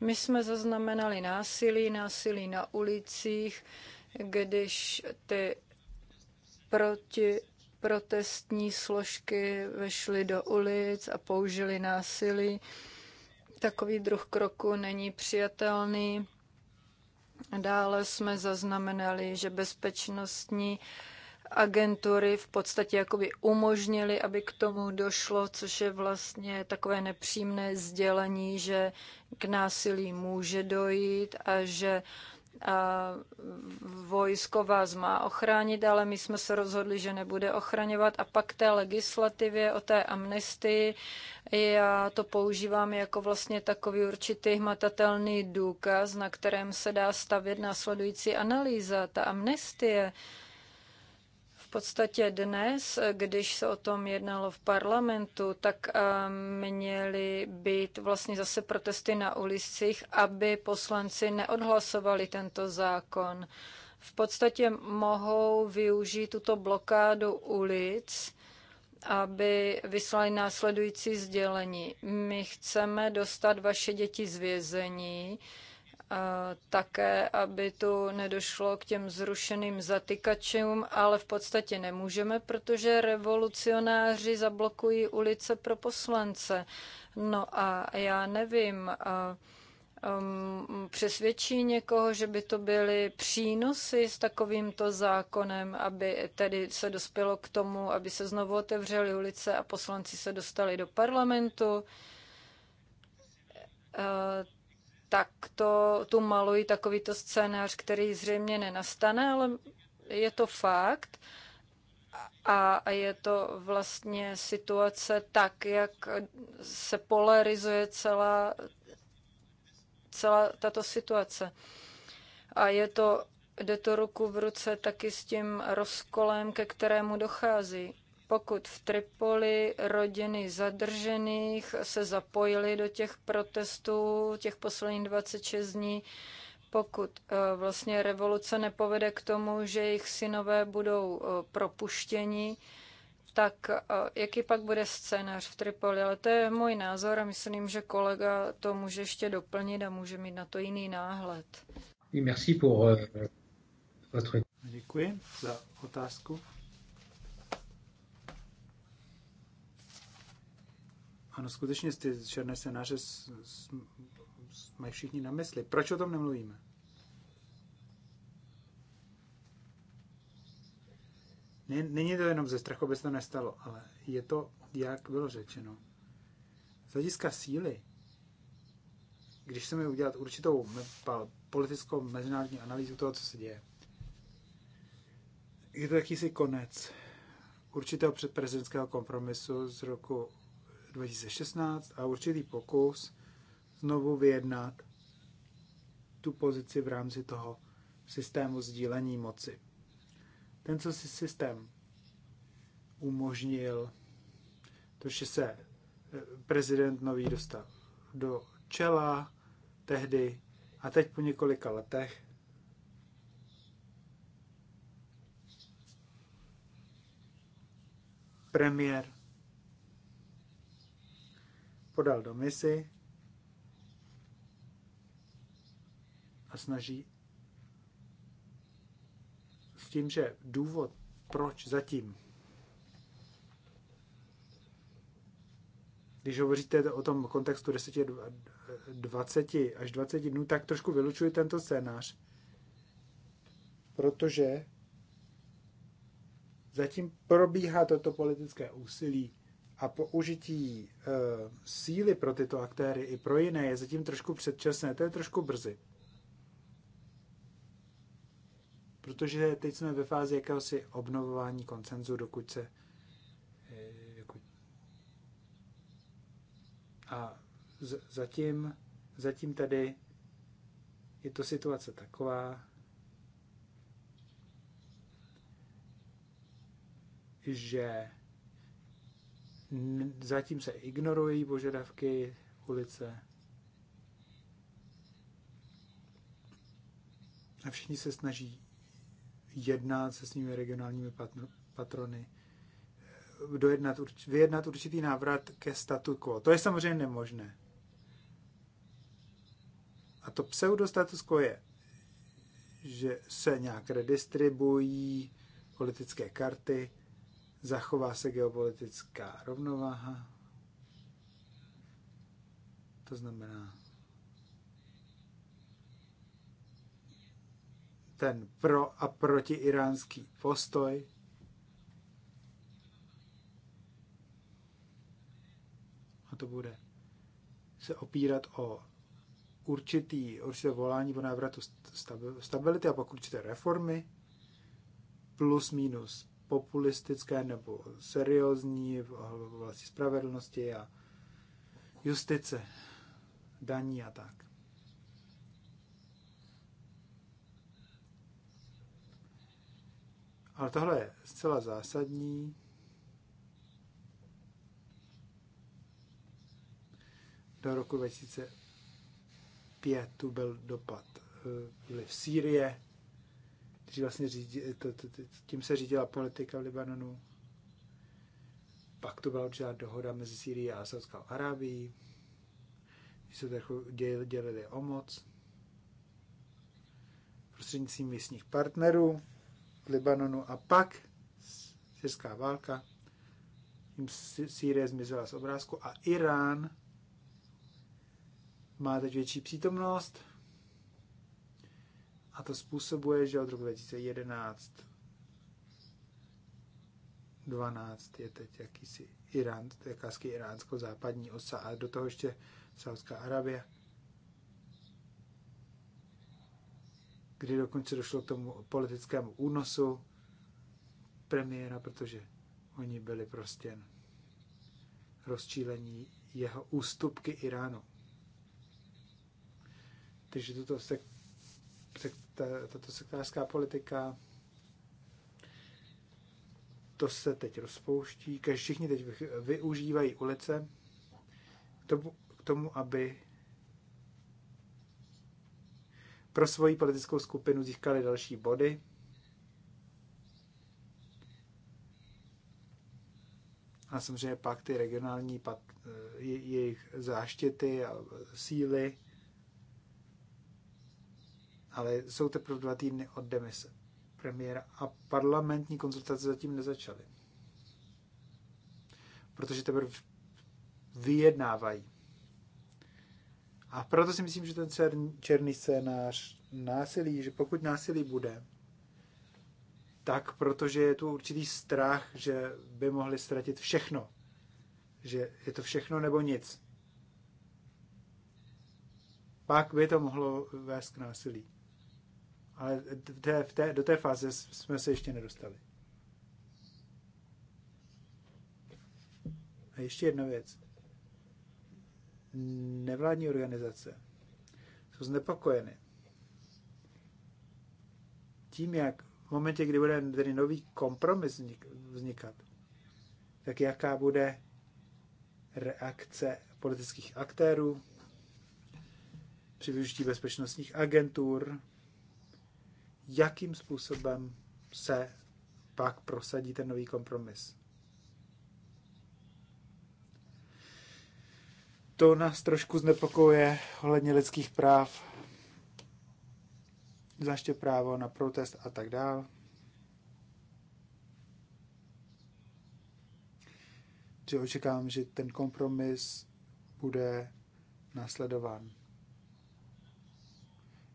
My jsme zaznamenali násilí, násilí na ulicích, když ty proti protestní složky vešly do ulic a použili násilí. Takový druh kroku není přijatelný. Dále jsme zaznamenali, že bezpečnostní agentury v podstatě jakoby umožnili, aby k tomu došlo, což je vlastně takové nepřímné sdělení, že k násilí může dojít a že uh, vojsko vás má ochránit, ale my jsme se rozhodli, že nebude ochraňovat. A pak té legislativě o té amnestii, já to používám jako vlastně takový určitý hmatatelný důkaz, na kterém se dá stavět následující analýza. Ta amnestie podstatě dnes, když se o tom jednalo v parlamentu, tak eh, měly být vlastně zase protesty na ulicích, aby poslanci neodhlasovali tento zákon. V podstatě mohou využít tuto blokádu ulic, aby vyslali následující sdělení. My chceme dostat vaše děti z vězení také, aby tu nedošlo k těm zrušeným zatykačům, ale v podstatě nemůžeme, protože revolucionáři zablokují ulice pro poslance. No a já nevím, um, přesvědčí někoho, že by to byly přínosy s takovýmto zákonem, aby tedy se dospělo k tomu, aby se znovu otevřely ulice a poslanci se dostali do parlamentu tak to, tu maluji takovýto scénář, který zřejmě nenastane, ale je to fakt a je to vlastně situace tak, jak se polarizuje celá, celá tato situace. A je to, jde to ruku v ruce taky s tím rozkolem, ke kterému dochází pokud v Tripoli rodiny zadržených se zapojily do těch protestů těch posledních 26 dní, pokud eh, vlastně revoluce nepovede k tomu, že jejich synové budou eh, propuštěni, tak eh, jaký pak bude scénář v Tripoli? Ale to je můj názor a myslím, že kolega to může ještě doplnit a může mít na to jiný náhled. Merci pour euh, votre... Děkuji za otázku. Ano, skutečně ty černé scénáře mají všichni na mysli. Proč o tom nemluvíme? Není to jenom ze strachu, aby se to nestalo, ale je to, jak bylo řečeno. Z hlediska síly, když chceme udělat určitou politickou mezinárodní analýzu toho, co se děje, je to jakýsi konec určitého předprezidentského kompromisu z roku 2016 a určitý pokus znovu vyjednat tu pozici v rámci toho systému sdílení moci. Ten, co si systém umožnil, to, že se eh, prezident nový dostal do čela tehdy a teď po několika letech premiér podal do misy a snaží s tím, že důvod, proč zatím, když hovoříte o tom kontextu 10, 20 až 20 dnů, tak trošku vylučuji tento scénář, protože zatím probíhá toto politické úsilí a použití e, síly pro tyto aktéry i pro jiné je zatím trošku předčasné. To je trošku brzy. Protože teď jsme ve fázi jakéhosi obnovování koncenzu, dokud se. E, jako... A z, zatím, zatím tady je to situace taková, že Zatím se ignorují požadavky ulice. A všichni se snaží jednat se svými regionálními patrony, dojednat, vyjednat určitý návrat ke statu quo. To je samozřejmě nemožné. A to pseudo status quo je, že se nějak redistribují politické karty, zachová se geopolitická rovnováha. To znamená, ten pro a proti iránský postoj. A to bude se opírat o určitý, určité volání po návratu stability a pak určité reformy plus minus populistické nebo seriózní v oblasti spravedlnosti a justice, daní a tak. Ale tohle je zcela zásadní. Do roku 2005 tu byl dopad eh, v Sýrie, kteří vlastně řídí, to, to, to, tím se řídila politika v Libanonu. Pak to byla určitá dohoda mezi Syrií a Saudskou Arábií, když se trochu děl, dělili o moc prostřednictvím místních partnerů v Libanonu a pak syrská válka. Tím Sýrie zmizela z obrázku a Irán má teď větší přítomnost a to způsobuje, že od roku 2011 12 je teď jakýsi Irán, jakáský Iránsko, západní osa a do toho ještě Saudská Arabie, kdy dokonce došlo k tomu politickému únosu premiéra, protože oni byli prostě rozčílení jeho ústupky Iránu. Takže toto se tato sektářská politika, to se teď rozpouští, každý všichni teď využívají ulice k tomu, aby pro svoji politickou skupinu získali další body. A samozřejmě pak ty regionální pat, eh, jejich záštěty a síly ale jsou teprve dva týdny od demise premiéra a parlamentní konzultace zatím nezačaly. Protože teprve vyjednávají. A proto si myslím, že ten černý scénář násilí, že pokud násilí bude, tak protože je tu určitý strach, že by mohli ztratit všechno. Že je to všechno nebo nic. Pak by to mohlo vést k násilí. Ale v té, v té, do té fáze jsme se ještě nedostali. A ještě jedna věc. Nevládní organizace jsou znepokojeny tím, jak v momentě, kdy bude tedy nový kompromis vznikat, tak jaká bude reakce politických aktérů, při využití bezpečnostních agentur, jakým způsobem se pak prosadí ten nový kompromis. To nás trošku znepokojuje ohledně lidských práv, zvláště právo na protest a tak dále. že očekávám, že ten kompromis bude následován.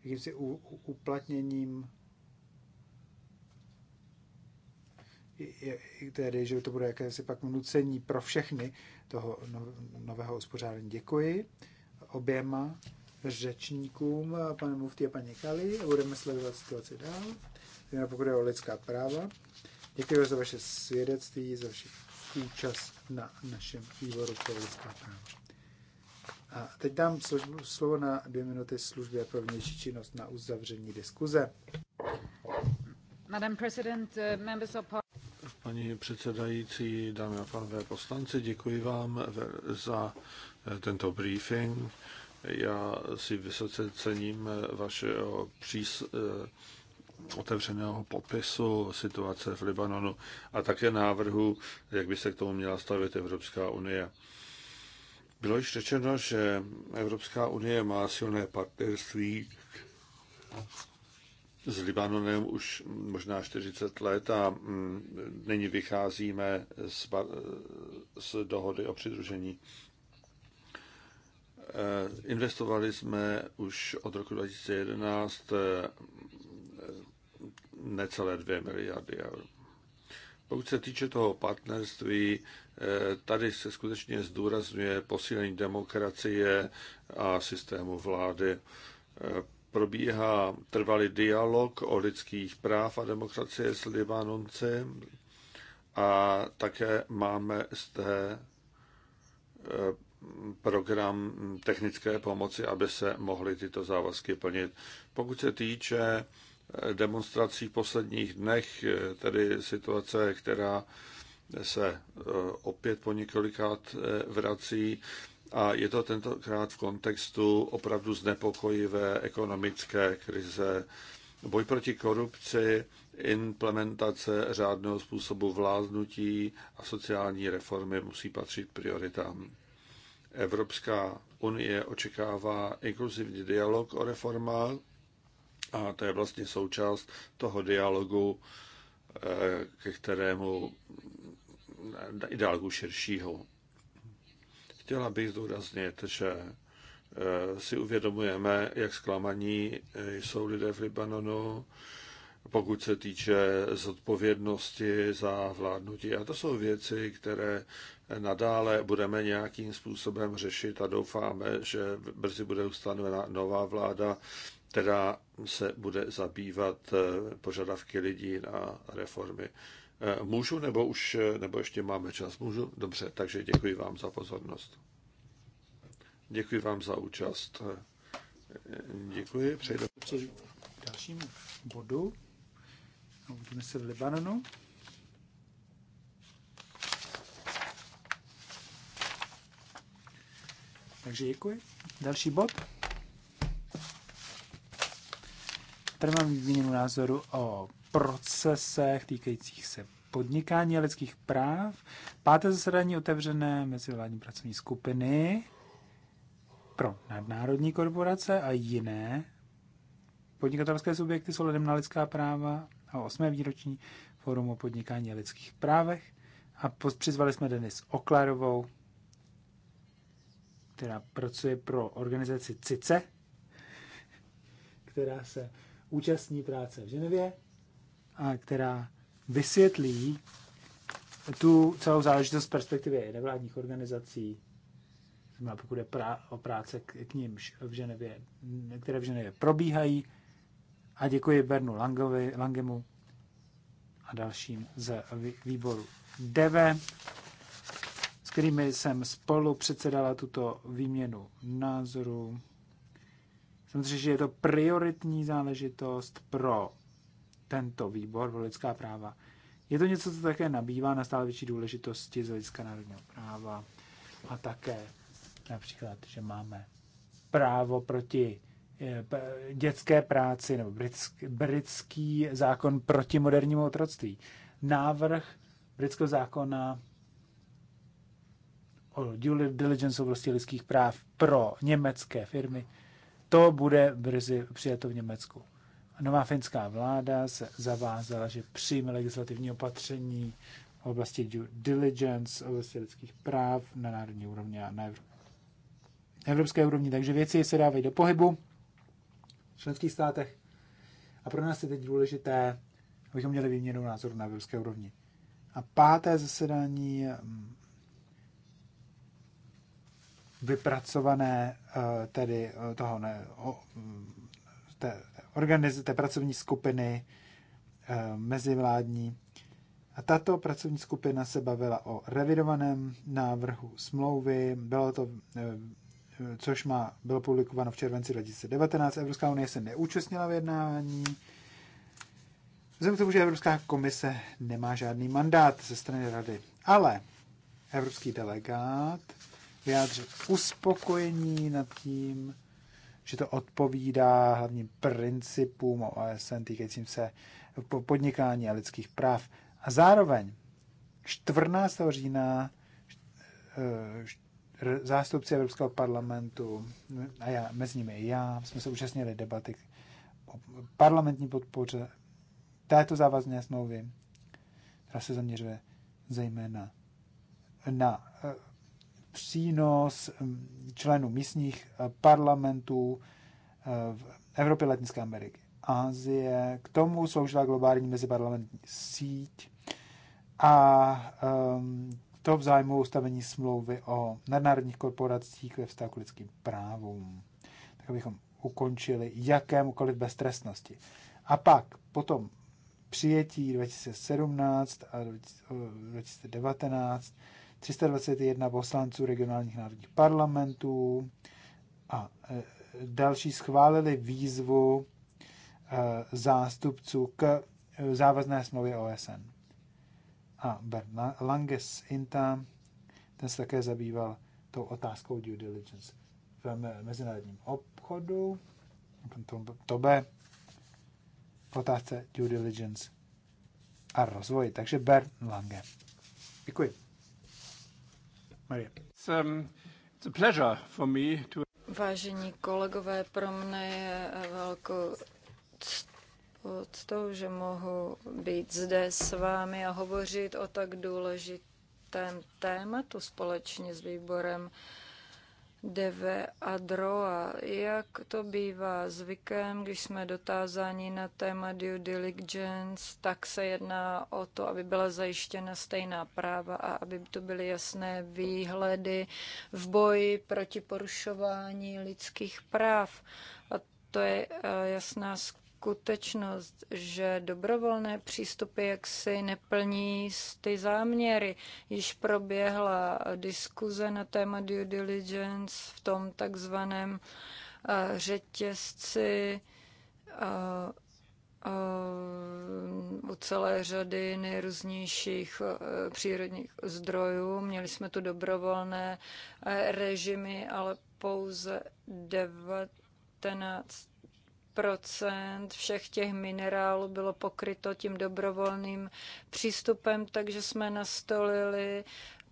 Jakýmsi uplatněním tedy, že to bude jakési pak nucení pro všechny toho no, nového uspořádání. Děkuji oběma řečníkům, pane Mufti a paní Kali, a budeme sledovat situaci dál, zejména pokud je o lidská práva. Děkuji za vaše svědectví, za vaši účast na našem výboru pro lidská práva. A teď dám službu, slovo na dvě minuty služby pro vnější činnost na uzavření diskuze. Madam President, uh, members of Paní předsedající, dámy a pánové poslanci, děkuji vám za tento briefing. Já si vysoce cením vašeho přís, otevřeného popisu situace v Libanonu a také návrhu, jak by se k tomu měla stavit Evropská unie. Bylo již řečeno, že Evropská unie má silné partnerství s Libanonem už možná 40 let a mm, nyní vycházíme z, z dohody o přidružení. Eh, investovali jsme už od roku 2011 eh, necelé 2 miliardy eur. Pokud se týče toho partnerství, eh, tady se skutečně zdůrazňuje posílení demokracie a systému vlády probíhá trvalý dialog o lidských práv a demokracie s Libanonci a také máme zde e, program technické pomoci, aby se mohly tyto závazky plnit. Pokud se týče e, demonstrací v posledních dnech, e, tedy situace, která se opět po několikát vrací. A je to tentokrát v kontextu opravdu znepokojivé ekonomické krize. Boj proti korupci, implementace řádného způsobu vládnutí a sociální reformy musí patřit prioritám. Evropská unie očekává inkluzivní dialog o reformách a to je vlastně součást toho dialogu, eh, ke kterému eh, dialogu širšího. Chtěla bych zdůraznit, že eh, si uvědomujeme, jak zklamaní eh, jsou lidé v Libanonu, pokud se týče zodpovědnosti za vládnutí. A to jsou věci, které nadále budeme nějakým způsobem řešit a doufáme, že brzy bude ustanovena nová vláda, která se bude zabývat eh, požadavky lidí na reformy. Eh, můžu nebo už, eh, nebo ještě máme čas? Můžu? Dobře, takže děkuji vám za pozornost. Děkuji vám za účast. Eh, děkuji, přejdu. k dalšímu bodu. No, budeme se v Libanonu. Takže děkuji. Další bod. Tady mám výměnu názoru o procesech týkajících se podnikání a lidských práv. Páté zasedání otevřené mezivládní pracovní skupiny pro nadnárodní korporace a jiné podnikatelské subjekty s ohledem na lidská práva a osmé výroční fórum o podnikání a lidských právech. A přizvali jsme Denis Oklarovou, která pracuje pro organizaci CICE, která se účastní práce v Ženevě a která vysvětlí tu celou záležitost z perspektivy nevládních organizací, znamená pokud je prá, o práce k, k nímž v Ženevě, které v Ženevě probíhají. A děkuji Bernu Langovi, Langemu a dalším z výboru DEVE, s kterými jsem spolu předsedala tuto výměnu názorů. Samozřejmě, že je to prioritní záležitost pro tento výbor pro lidská práva. Je to něco, co také nabývá na stále větší důležitosti z hlediska národního práva a také například, že máme právo proti eh, dětské práci nebo britský, britský zákon proti modernímu otroctví. Návrh britského zákona o due diligence oblasti lidských práv pro německé firmy, to bude brzy přijato v Německu. Nová finská vláda se zavázala, že přijme legislativní opatření v oblasti due diligence, v oblasti lidských práv na národní úrovni a na evropské úrovni. Takže věci se dávají do pohybu v členských státech. A pro nás je teď důležité, abychom měli výměnu názoru na evropské úrovni. A páté zasedání mm, vypracované eh, tedy eh, toho ne, o, mm, té, organiz, té pracovní skupiny eh, mezivládní. A tato pracovní skupina se bavila o revidovaném návrhu smlouvy, bylo to, eh, což má, bylo publikováno v červenci 2019. Evropská unie se neúčastnila v jednání. Vzhledem k tomu, že Evropská komise nemá žádný mandát ze strany rady, ale evropský delegát vyjádřil uspokojení nad tím, že to odpovídá hlavním principům OSN týkajícím se podnikání a lidských práv. A zároveň 14. října eh, eh, zástupci Evropského parlamentu a já, mezi nimi i já, jsme se účastnili debaty o parlamentní podpoře této závazné smlouvy, která se zaměřuje zejména na eh, přínos mm, členů místních eh, parlamentů eh, v Evropě, Latinské Ameriky, Asie. K tomu sloužila globální meziparlamentní síť a ehm, to v zájmu ustavení smlouvy o nadnárodních korporacích ve vztahu k lidským právům. Tak abychom ukončili jakémukoliv beztrestnosti. A pak potom přijetí 2017 a 2019 321 poslanců regionálních národních parlamentů a e, další schválili výzvu e, zástupců k e, závazné smlouvě OSN. A Berna Langes Inta, ten se také zabýval tou otázkou due diligence v mezinárodním obchodu. To b, otázce due diligence a rozvoji. Takže Bern Lange. Děkuji. Marie. It's, um, it's a pleasure for me to... Vážení kolegové, pro mě je velkou ctou, že mohu být zde s vámi a hovořit o tak důležitém tématu společně s výborem Deve a DROA. Jak to bývá zvykem, když jsme dotázáni na téma due diligence, tak se jedná o to, aby byla zajištěna stejná práva a aby to byly jasné výhledy v boji proti porušování lidských práv. A to je eh, jasná skutečnost, že dobrovolné přístupy jaksi neplní ty záměry. Již proběhla diskuze na téma due diligence v tom takzvaném eh, řetězci eh, eh, u celé řady nejrůznějších přírodních zdrojů. Měli jsme tu dobrovolné režimy, ale pouze 19 všech těch minerálů bylo pokryto tím dobrovolným přístupem, takže jsme nastolili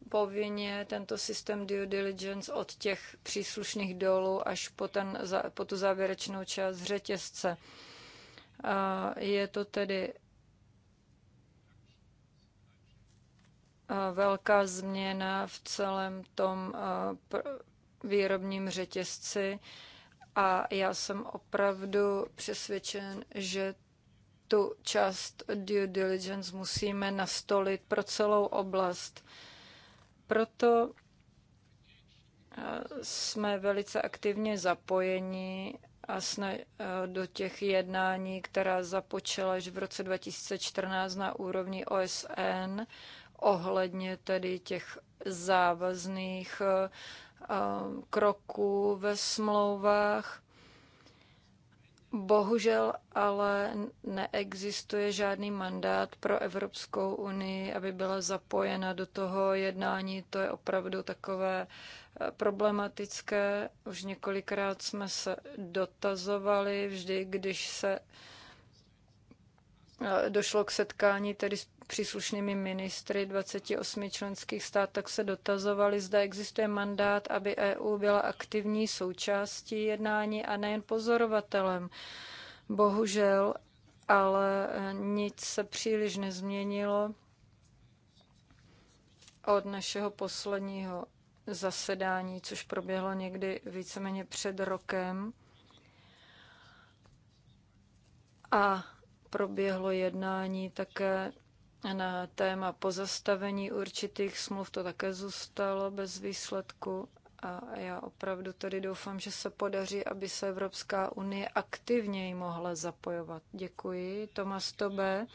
povinně tento systém due diligence od těch příslušných dolů až po, ten, po tu závěrečnou část řetězce. Je to tedy velká změna v celém tom výrobním řetězci a já jsem opravdu přesvědčen, že tu část due diligence musíme nastolit pro celou oblast. Proto e, jsme velice aktivně zapojeni a jsme e, do těch jednání, která započala již v roce 2014 na úrovni OSN ohledně tedy těch závazných e, Um, kroků ve smlouvách. Bohužel ale neexistuje žádný mandát pro Evropskou unii, aby byla zapojena do toho jednání. To je opravdu takové eh, problematické. Už několikrát jsme se dotazovali, vždy, když se došlo k setkání tedy s příslušnými ministry 28 členských států, tak se dotazovali, zda existuje mandát, aby EU byla aktivní součástí jednání a nejen pozorovatelem. Bohužel, ale eh, nic se příliš nezměnilo od našeho posledního zasedání, což proběhlo někdy víceméně před rokem. A proběhlo jednání také na téma pozastavení určitých smluv, to také zůstalo bez výsledku. A já opravdu tedy doufám, že se podaří, aby se Evropská unie aktivněji mohla zapojovat. Děkuji. Tomas Tobe.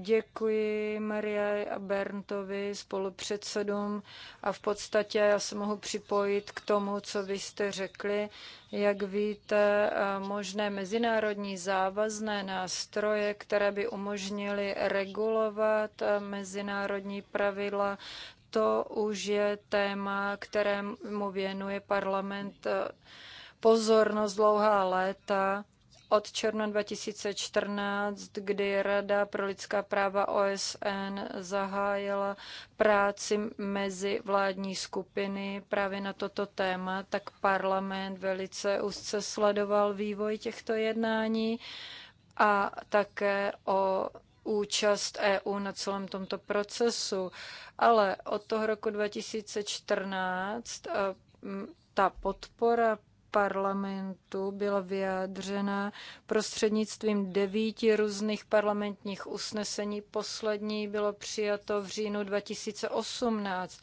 Děkuji Marie a Berntovi, spolupředsedům a v podstatě já se mohu připojit k tomu, co vy jste řekli. Jak víte, eh, možné mezinárodní závazné nástroje, které by umožnily regulovat eh, mezinárodní pravidla, to už je téma, kterému věnuje parlament eh, pozornost dlouhá léta od června 2014, kdy Rada pro lidská práva OSN zahájila práci mezi vládní skupiny právě na toto téma, tak parlament velice úzce sledoval vývoj těchto jednání a také o účast EU na celém tomto procesu. Ale od toho roku 2014 eh, ta podpora parlamentu byla vyjádřena prostřednictvím devíti různých parlamentních usnesení. Poslední bylo přijato v říjnu 2018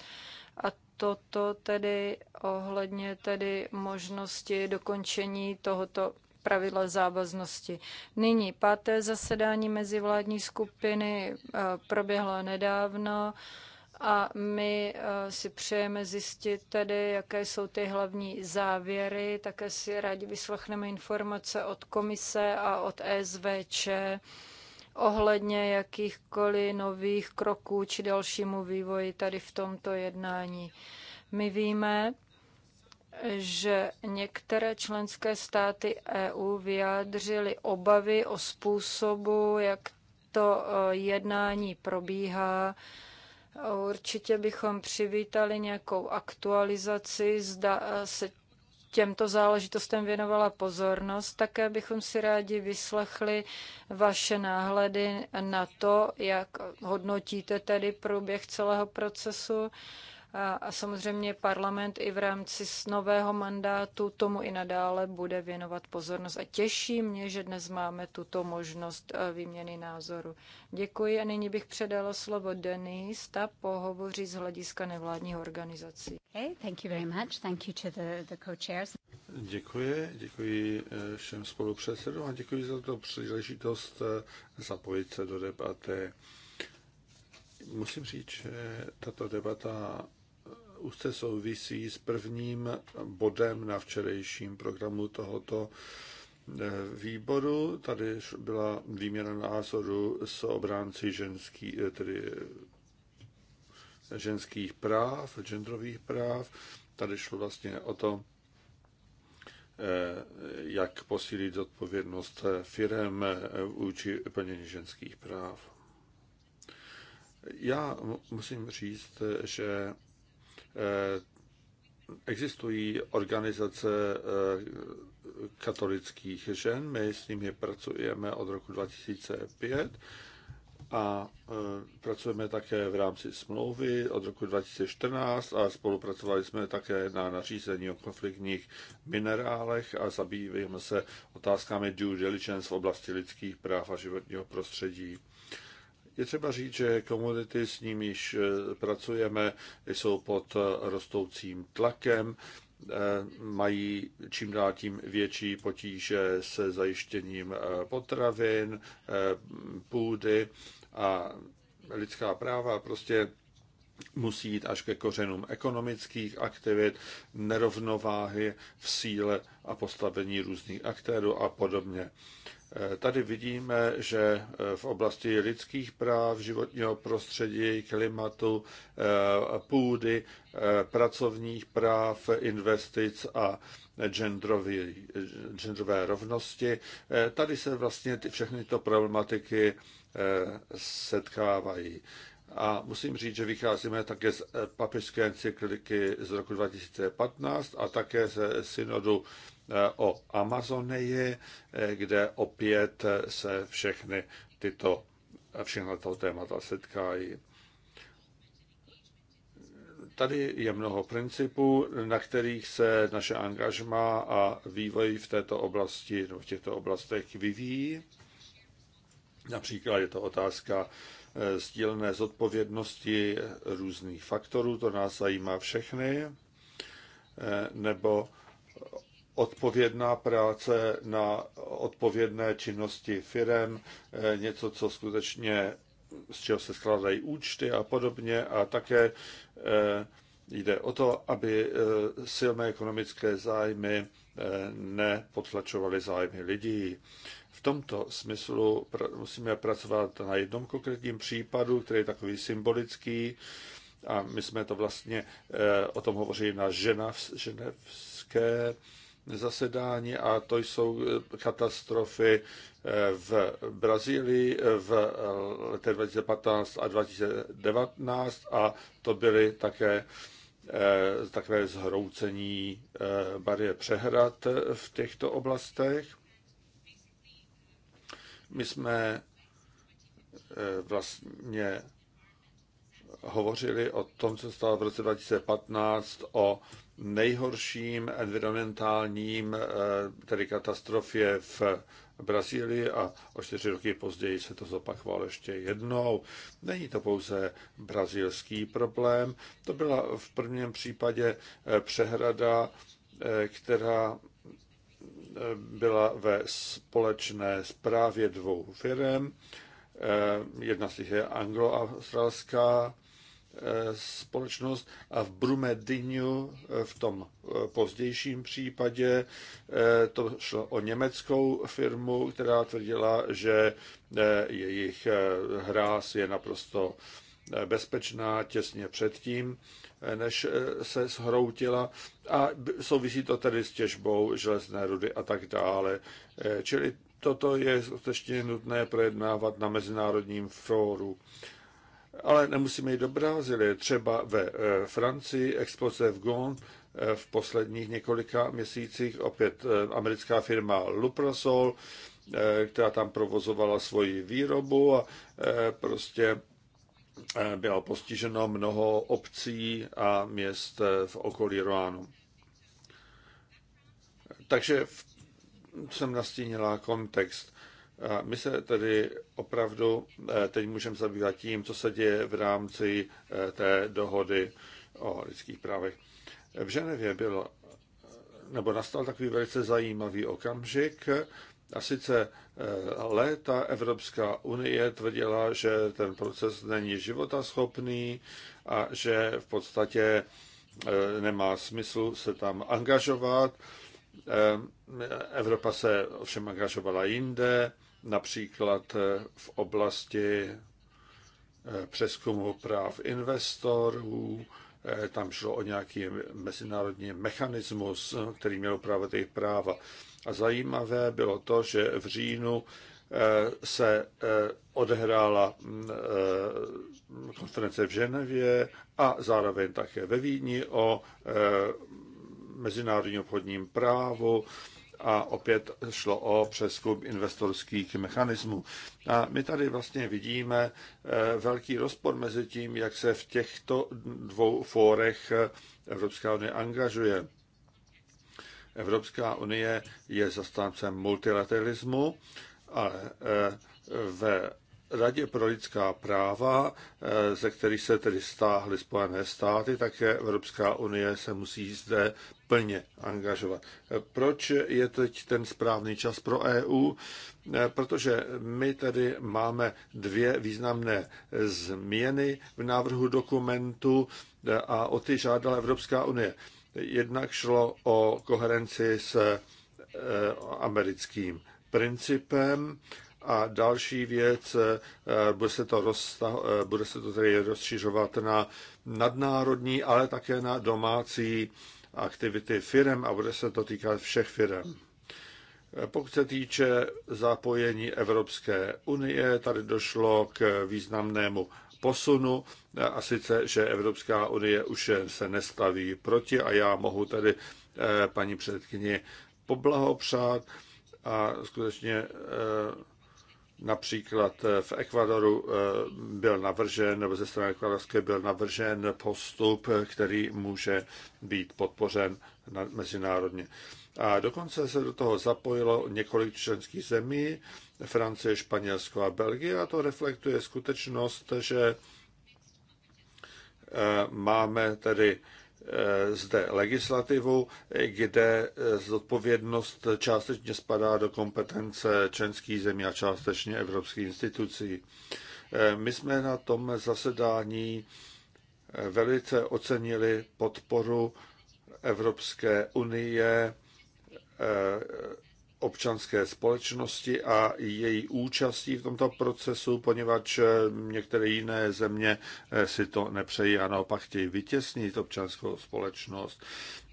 a toto tedy ohledně tedy možnosti dokončení tohoto pravidla závaznosti. Nyní páté zasedání mezivládní skupiny eh, proběhlo nedávno a my eh, si přejeme zjistit tedy, jaké jsou ty hlavní závěry. Také si rádi vyslechneme informace od komise a od SVČ ohledně jakýchkoliv nových kroků či dalšímu vývoji tady v tomto jednání. My víme, že některé členské státy EU vyjádřily obavy o způsobu, jak to eh, jednání probíhá Určitě bychom přivítali nějakou aktualizaci, zda eh, se těmto záležitostem věnovala pozornost. Také bychom si rádi vyslechli vaše náhledy na to, jak hodnotíte tedy průběh celého procesu a samozřejmě parlament i v rámci nového mandátu tomu i nadále bude věnovat pozornost. A těší mě, že dnes máme tuto možnost e, výměny názoru. Děkuji a nyní bych předala slovo Denis, ta pohovoří z hlediska nevládních organizací. Děkuji, děkuji e, všem spolupředsedům a děkuji za to příležitost e, zapojit se do debaty. Musím říct, že tato debata úzce souvisí s prvním bodem na včerejším programu tohoto eh, výboru. Tady byla výměna názoru s obránci ženský, eh, tedy eh, ženských práv, genderových práv. Tady šlo vlastně o to, jak posílit odpovědnost firem vůči plnění ženských práv. Já musím říct, že Eh, existují organizace eh, katolických žen, my s nimi pracujeme od roku 2005 a eh, pracujeme také v rámci smlouvy od roku 2014 a spolupracovali jsme také na nařízení o konfliktních minerálech a zabýváme se otázkami due diligence v oblasti lidských práv a životního prostředí. Je třeba říct, že komodity, s nimiž eh, pracujeme, jsou pod eh, rostoucím tlakem, eh, mají čím dál tím větší potíže se zajištěním potravin, půdy a lidská práva. Prostě musí jít až ke kořenům ekonomických aktivit, nerovnováhy v síle a postavení různých aktérů a podobně. Tady vidíme, že eh, v oblasti lidských práv, životního prostředí, klimatu, eh, půdy, eh, pracovních práv, investic a genderové rovnosti, tady se vlastně ty, všechny tyto problematiky setkávají. A musím říct, že vycházíme také z papežské encykliky z roku 2015 a také ze synodu o Amazonii, kde opět se všechny tyto všechna tato témata setkají. Tady je mnoho principů, na kterých se naše angažma a vývoj v této oblasti, v těchto oblastech vyvíjí. Například je to otázka eh, sdílené zodpovědnosti různých faktorů, to nás zajímá všechny, eh, nebo odpovědná práce na odpovědné činnosti firem, eh, něco, co skutečně z čeho se skládají účty a podobně a také eh, jde o to, aby eh, silné ekonomické zájmy nepotlačovaly zájmy lidí. V tomto smyslu musíme pracovat na jednom konkrétním případu, který je takový symbolický, a my jsme to vlastně o tom hovořili na ženevské zasedání a to jsou eh, katastrofy eh, v Brazílii eh, v letech 2015 a 2019 a to byly také takové zhroucení barie přehrad v těchto oblastech. My jsme vlastně hovořili o tom, co stalo v roce 2015, o nejhorším environmentálním eh, tedy katastrofě v Brazílii a o čtyři roky později se to zopakovalo ještě jednou. Není to pouze brazilský problém, to byla v prvním případě eh, přehrada, eh, která byla ve společné zprávě dvou firm. Jedna z nich je anglo-australská společnost a v Brumedinu eh, v tom eh, pozdějším případě eh, to šlo o německou firmu, která tvrdila, že jejich hráz je naprosto bezpečná těsně předtím, než se zhroutila a souvisí to tedy s těžbou železné rudy a tak dále. Čili toto je skutečně nutné projednávat na mezinárodním fóru ale nemusíme jít do Brazílie. Třeba ve eh, Francii, exploze v Gon eh, v posledních několika měsících, opět eh, americká firma Luprasol, která tam provozovala svoji výrobu a prostě bylo postiženo mnoho obcí a měst v okolí Roánu. Takže jsem nastínila kontext my se tedy opravdu eh, teď můžeme zabývat tím, co se děje v rámci eh, té dohody o lidských právech. V Ženevě bylo, eh, nebo nastal takový velice zajímavý okamžik, a sice léta Evropská unie tvrdila, že ten proces není životaschopný a že v podstatě nemá smysl se tam angažovat. Evropa se ovšem angažovala jinde například eh, v oblasti eh, přeskumu práv investorů, eh, tam šlo o nějaký mezinárodní mechanismus, který měl upravit jejich práva. A zajímavé bylo to, že v říjnu se odehrála mm, konference v Ženevě a zároveň také ve Vídni o mezinárodním obchodním právu, a opět šlo o přeskup investorských mechanismů. A my tady vlastně vidíme eh, velký rozpor mezi tím, jak se v těchto dvou fórech eh, Evropská unie angažuje. Evropská unie je zastáncem multilateralismu, ale eh, ve Radě pro lidská práva, eh, ze kterých se tedy stáhly Spojené státy, také Evropská unie se musí zde plně angažovat. Eh, proč je teď ten správný čas pro EU? Eh, protože my tady máme dvě významné změny v návrhu dokumentu a o ty žádala Evropská unie. Jednak šlo o koherenci s americkým principem a další věc, eh, bude se to, roztah, eh, bude se to tedy rozšiřovat na nadnárodní, ale také na domácí aktivity firm a bude se to týkat všech firm. Eh, pokud se týče zapojení Evropské unie, tady došlo k významnému posunu, a sice, že Evropská unie už se nestaví proti a já mohu tedy paní předkyni poblahopřát a skutečně Například eh, v Ekvadoru eh, byl navržen, nebo ze strany ekvadorské byl navržen postup, eh, který může být podpořen mezinárodně. A dokonce se do toho zapojilo několik členských zemí, Francie, Španělsko a Belgie, a to reflektuje skutečnost, že máme tedy zde eh, legislativu, kde eh, zodpovědnost částečně spadá do kompetence členských zemí a částečně evropských institucí. Eh, my jsme na tom zasedání velice ocenili podporu Evropské unie občanské společnosti a její účastí v tomto procesu, poněvadž některé jiné země eh, si to nepřejí a naopak chtějí vytěsnit občanskou společnost.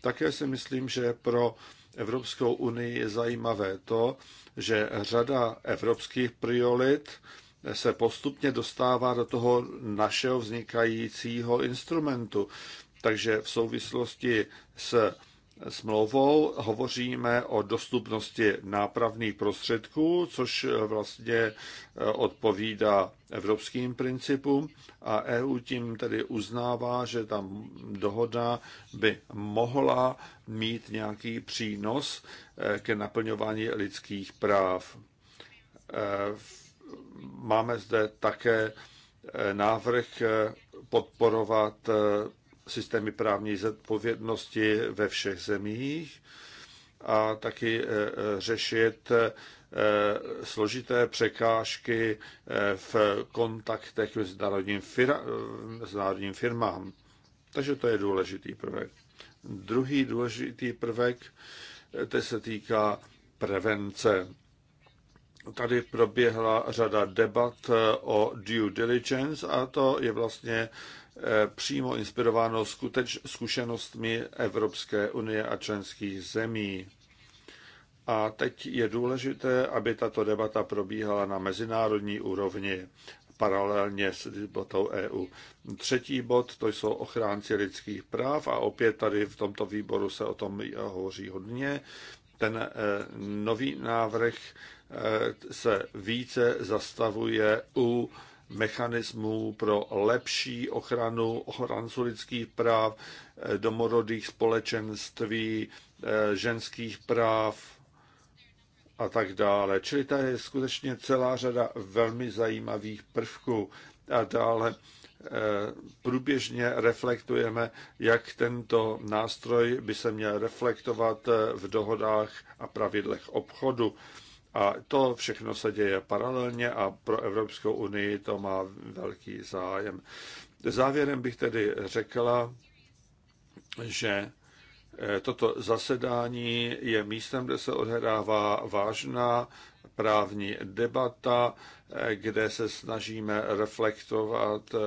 Také si myslím, že pro Evropskou unii je zajímavé to, že řada evropských priorit eh, se postupně dostává do toho našeho vznikajícího instrumentu. Takže v souvislosti s smlouvou hovoříme o dostupnosti nápravných prostředků, což vlastně e, odpovídá evropským principům a EU tím tedy uznává, že tam dohoda by mohla mít nějaký přínos e, ke naplňování lidských práv. E, máme zde také návrh podporovat systémy právní zodpovědnosti ve všech zemích a taky eh, eh, řešit eh, složité překážky v kontaktech s národním, fir- s národním firmám. Takže to je důležitý prvek. Druhý důležitý prvek, to se týká prevence. Tady proběhla řada debat o due diligence a to je vlastně Eh, přímo inspirováno skuteč, zkušenostmi Evropské unie a členských zemí. A teď je důležité, aby tato debata probíhala na mezinárodní úrovni paralelně s debatou EU. Třetí bod, to jsou ochránci lidských práv a opět tady v tomto výboru se o tom hovoří hodně. Ten eh, nový návrh eh, se více zastavuje u mechanismů pro lepší ochranu ochranců lidských práv, eh, domorodých společenství, eh, ženských práv a tak dále. Čili tady je skutečně celá řada velmi zajímavých prvků. A dále eh, průběžně reflektujeme, jak tento nástroj by se měl reflektovat v dohodách a pravidlech obchodu. A to všechno se děje paralelně a pro Evropskou unii to má velký zájem. Závěrem bych tedy řekla, že eh, toto zasedání je místem, kde se odhrává vážná právní debata, eh, kde se snažíme reflektovat eh,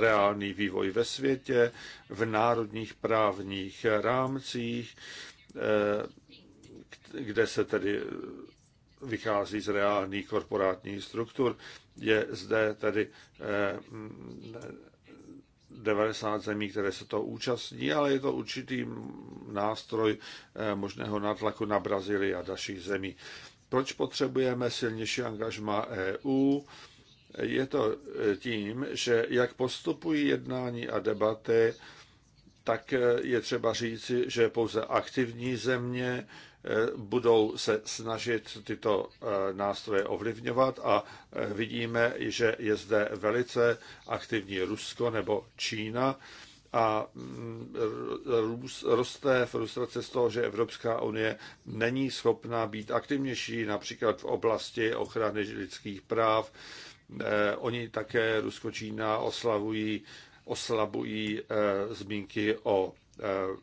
reálný vývoj ve světě, v národních právních rámcích, kde se tedy vychází z reálných korporátních struktur. Je zde tedy 90 eh, zemí, které se to účastní, ale je to určitý nástroj eh, možného nátlaku na Brazílii a dalších zemí. Proč potřebujeme silnější angažma EU? Je to eh, tím, že jak postupují jednání a debaty, tak je třeba říci, že pouze aktivní země Eh, budou se snažit tyto eh, nástroje ovlivňovat a eh, vidíme, že je zde velice aktivní Rusko nebo Čína a mm, roste frustrace z toho, že Evropská unie není schopná být aktivnější například v oblasti ochrany lidských práv. Oni také, Rusko, Čína, oslavují, oslabují zmínky o Eh,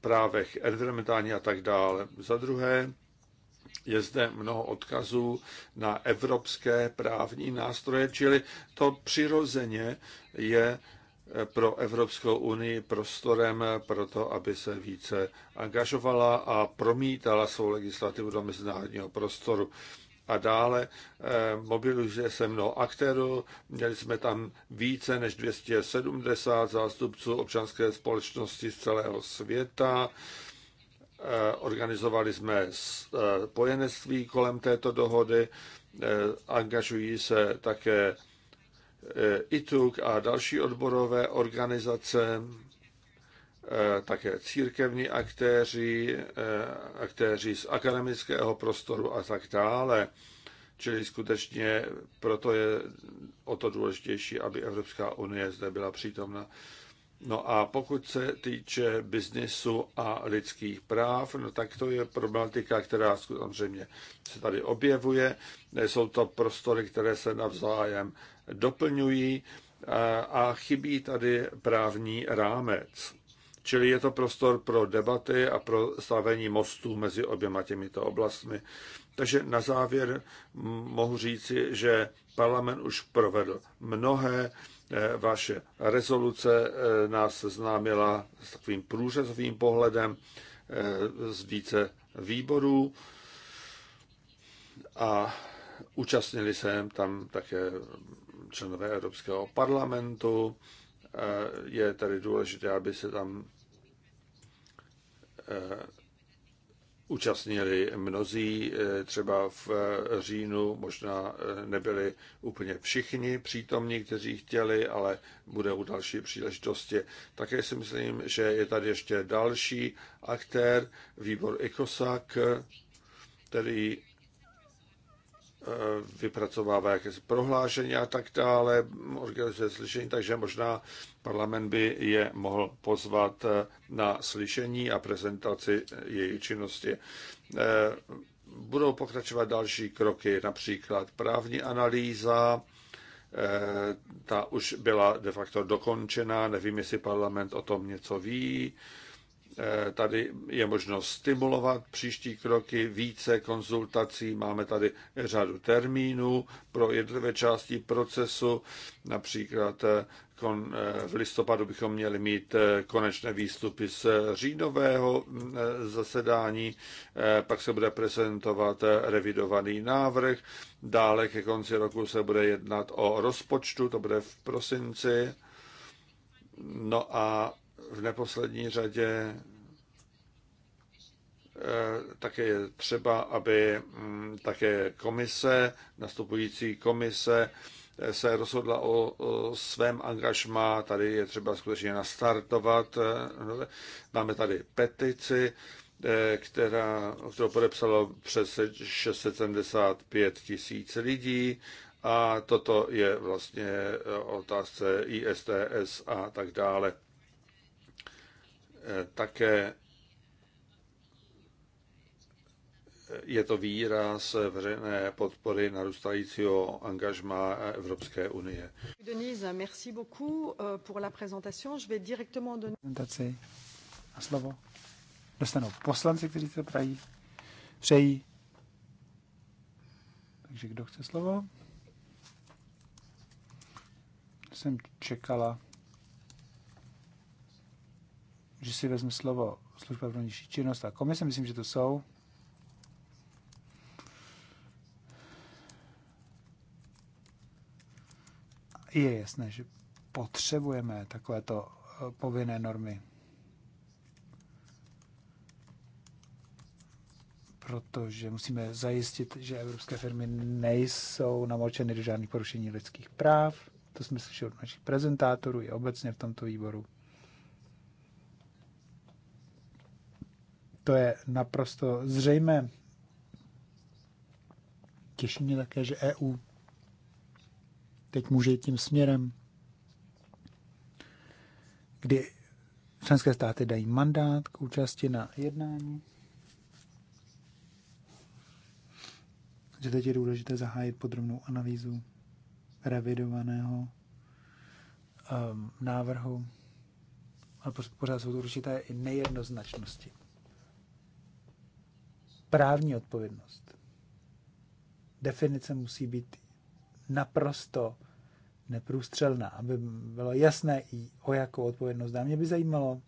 právech environmentální a tak dále. Za druhé, je zde mnoho odkazů na evropské právní nástroje, čili to přirozeně je eh, pro Evropskou unii prostorem pro to, aby se více angažovala a promítala svou legislativu do mezinárodního prostoru a dále eh, mobilizuje se mnoho aktérů. Měli jsme tam více než 270 zástupců občanské společnosti z celého světa. Eh, organizovali jsme spojenectví eh, kolem této dohody. Angažují se také ITUK a další odborové organizace Eh, také církevní aktéři, eh, aktéři z akademického prostoru a tak dále. Čili skutečně proto je o to důležitější, aby Evropská unie zde byla přítomna. No a pokud se týče biznisu a lidských práv, no tak to je problematika, která samozřejmě se tady objevuje. Jsou to prostory, které se navzájem doplňují eh, a chybí tady právní rámec. Čili je to prostor pro debaty a pro stavení mostů mezi oběma těmito oblastmi. Takže na závěr mohu říci, že parlament už provedl mnohé. Eh, vaše rezoluce eh, nás seznámila s takovým průřezovým pohledem eh, z více výborů a účastnili se tam také členové Evropského parlamentu. Je tady důležité, aby se tam Eh, účastnili mnozí, eh, třeba v eh, říjnu možná nebyli úplně všichni přítomní, kteří chtěli, ale bude u další příležitosti. Také si myslím, že je tady ještě další aktér, výbor ECOSAC, který Eh, vypracovává jakési prohlášení a tak dále, organizuje slyšení, takže možná parlament by je mohl pozvat eh, na slyšení a prezentaci její činnosti. Eh, budou pokračovat další kroky, například právní analýza, ta už byla de facto dokončena, nevím, jestli parlament o tom něco ví, Eh, tady je možno stimulovat příští kroky, více konzultací, máme tady řadu termínů pro jednotlivé části procesu, například eh, eh, v listopadu bychom měli mít konečné výstupy z říjnového mm, zasedání, pak se bude prezentovat revidovaný návrh, dále ke konci roku se bude jednat o rozpočtu, to bude v prosinci, no a v neposlední řadě eh, také je třeba, aby mm, také komise, nastupující komise, eh, se rozhodla o, o svém angažmá. Tady je třeba skutečně nastartovat. Eh, no, máme tady petici, která, kterou podepsalo přes 675 tisíc lidí a toto je vlastně otázce ISTS a tak dále. Eh, také eh, je to výraz veřejné podpory narůstajícího angažma Evropské unie. Denise, merci beaucoup eh, pour la présentation. Je vais directement donner... Prezentaci a slovo dostanou poslanci, kteří se prají, přejí. Takže kdo chce slovo? Jsem čekala že si vezmu slovo služba pro nižší činnost a komise, myslím, že to jsou. Je jasné, že potřebujeme takovéto eh, povinné normy. protože musíme zajistit, že evropské firmy nejsou namočeny do žádných porušení lidských práv. To jsme slyšeli od našich prezentátorů i obecně v tomto výboru. To je naprosto zřejmé. Těší mě také, že EU teď může jít tím směrem, kdy členské státy dají mandát k účasti na jednání. Že teď je důležité zahájit podrobnou analýzu revidovaného um, návrhu, ale pořád jsou tu určité i nejednoznačnosti právní odpovědnost. Definice musí být naprosto neprůstřelná, aby bylo jasné, i o jakou odpovědnost A Mě by zajímalo,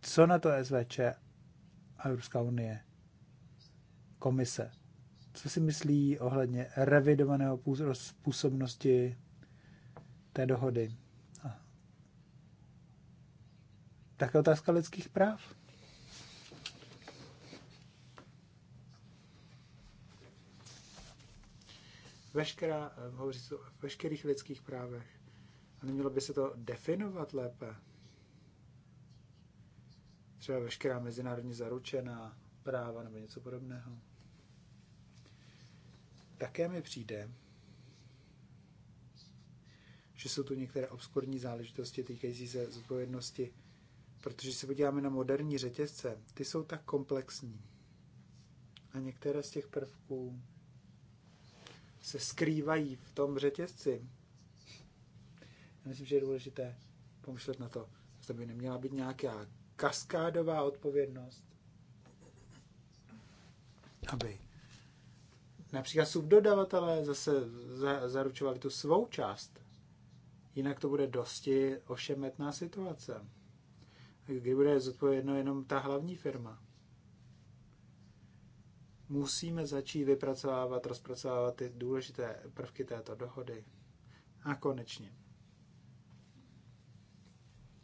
co na to SVČ a Evropská unie, komise, co si myslí ohledně revidovaného působnosti té dohody. Také otázka lidských práv. veškerá, eh, hovoří se o veškerých lidských právech. A nemělo by se to definovat lépe? Třeba veškerá mezinárodně zaručená práva nebo něco podobného. Také mi přijde, že jsou tu některé obskurní záležitosti týkající se zodpovědnosti, protože se podíváme na moderní řetězce, ty jsou tak komplexní. A některé z těch prvků se skrývají v tom řetězci. Já myslím, že je důležité pomyšlet na to, zda by neměla být nějaká kaskádová odpovědnost, aby například subdodavatelé zase za, zaručovali tu svou část. Jinak to bude dosti ošemetná situace. Kdy bude zodpovědná jenom ta hlavní firma musíme začít vypracovávat, rozpracovávat ty důležité prvky této dohody. A konečně.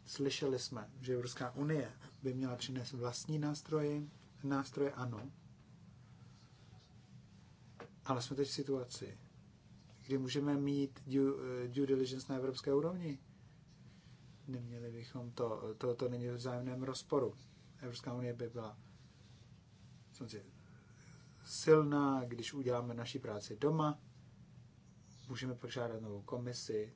Slyšeli jsme, že Evropská unie by měla přinést vlastní nástroje. Nástroje ano. Ale jsme teď v situaci, kdy můžeme mít due, eh, due diligence na evropské úrovni. Neměli bychom to, to, to není v vzájemném rozporu. Evropská unie by byla samozřejmě silná, když uděláme naši práci doma. Můžeme požádat novou komisi,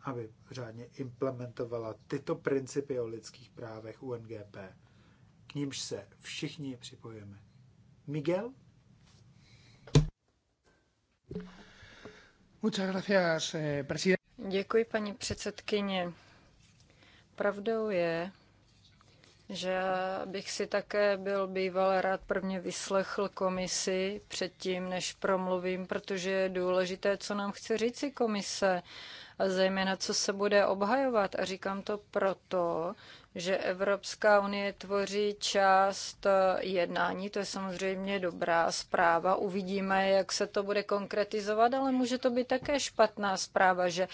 aby řádně implementovala tyto principy o lidských právech UNGP, k nímž se všichni připojujeme. Miguel? Eh, Děkuji, paní předsedkyně. Pravdou je, že bych si také byl býval rád prvně vyslechl komisi předtím, než promluvím, protože je důležité, co nám chce říci komise a zejména, co se bude obhajovat. A říkám to proto, že Evropská unie tvoří část eh, jednání, to je samozřejmě dobrá zpráva. Uvidíme, jak se to bude konkretizovat, ale může to být také špatná zpráva, že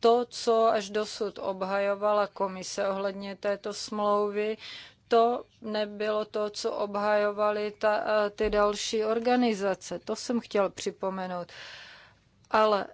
to, co až dosud obhajovala komise ohledně této smlouvy, to nebylo to, co obhajovaly eh, ty další organizace. To jsem chtěl připomenout. Ale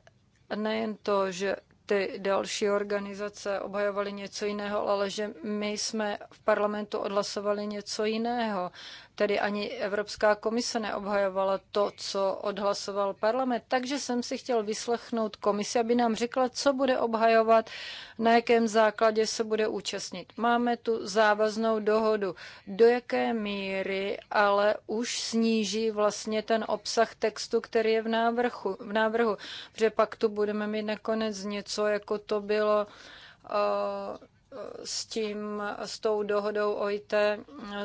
nejen to, že ty další organizace obhajovaly něco jiného, ale že my jsme v parlamentu odhlasovali něco jiného. Tedy ani Evropská komise neobhajovala to, co odhlasoval parlament. Takže jsem si chtěl vyslechnout komisi, aby nám řekla, co bude obhajovat, na jakém základě se bude účastnit. Máme tu závaznou dohodu. Do jaké míry ale už sníží vlastně ten obsah textu, který je v návrhu. V návrhu. Protože pak tu budeme mít nakonec něco, jako to bylo eh, s tím, s tou dohodou OIT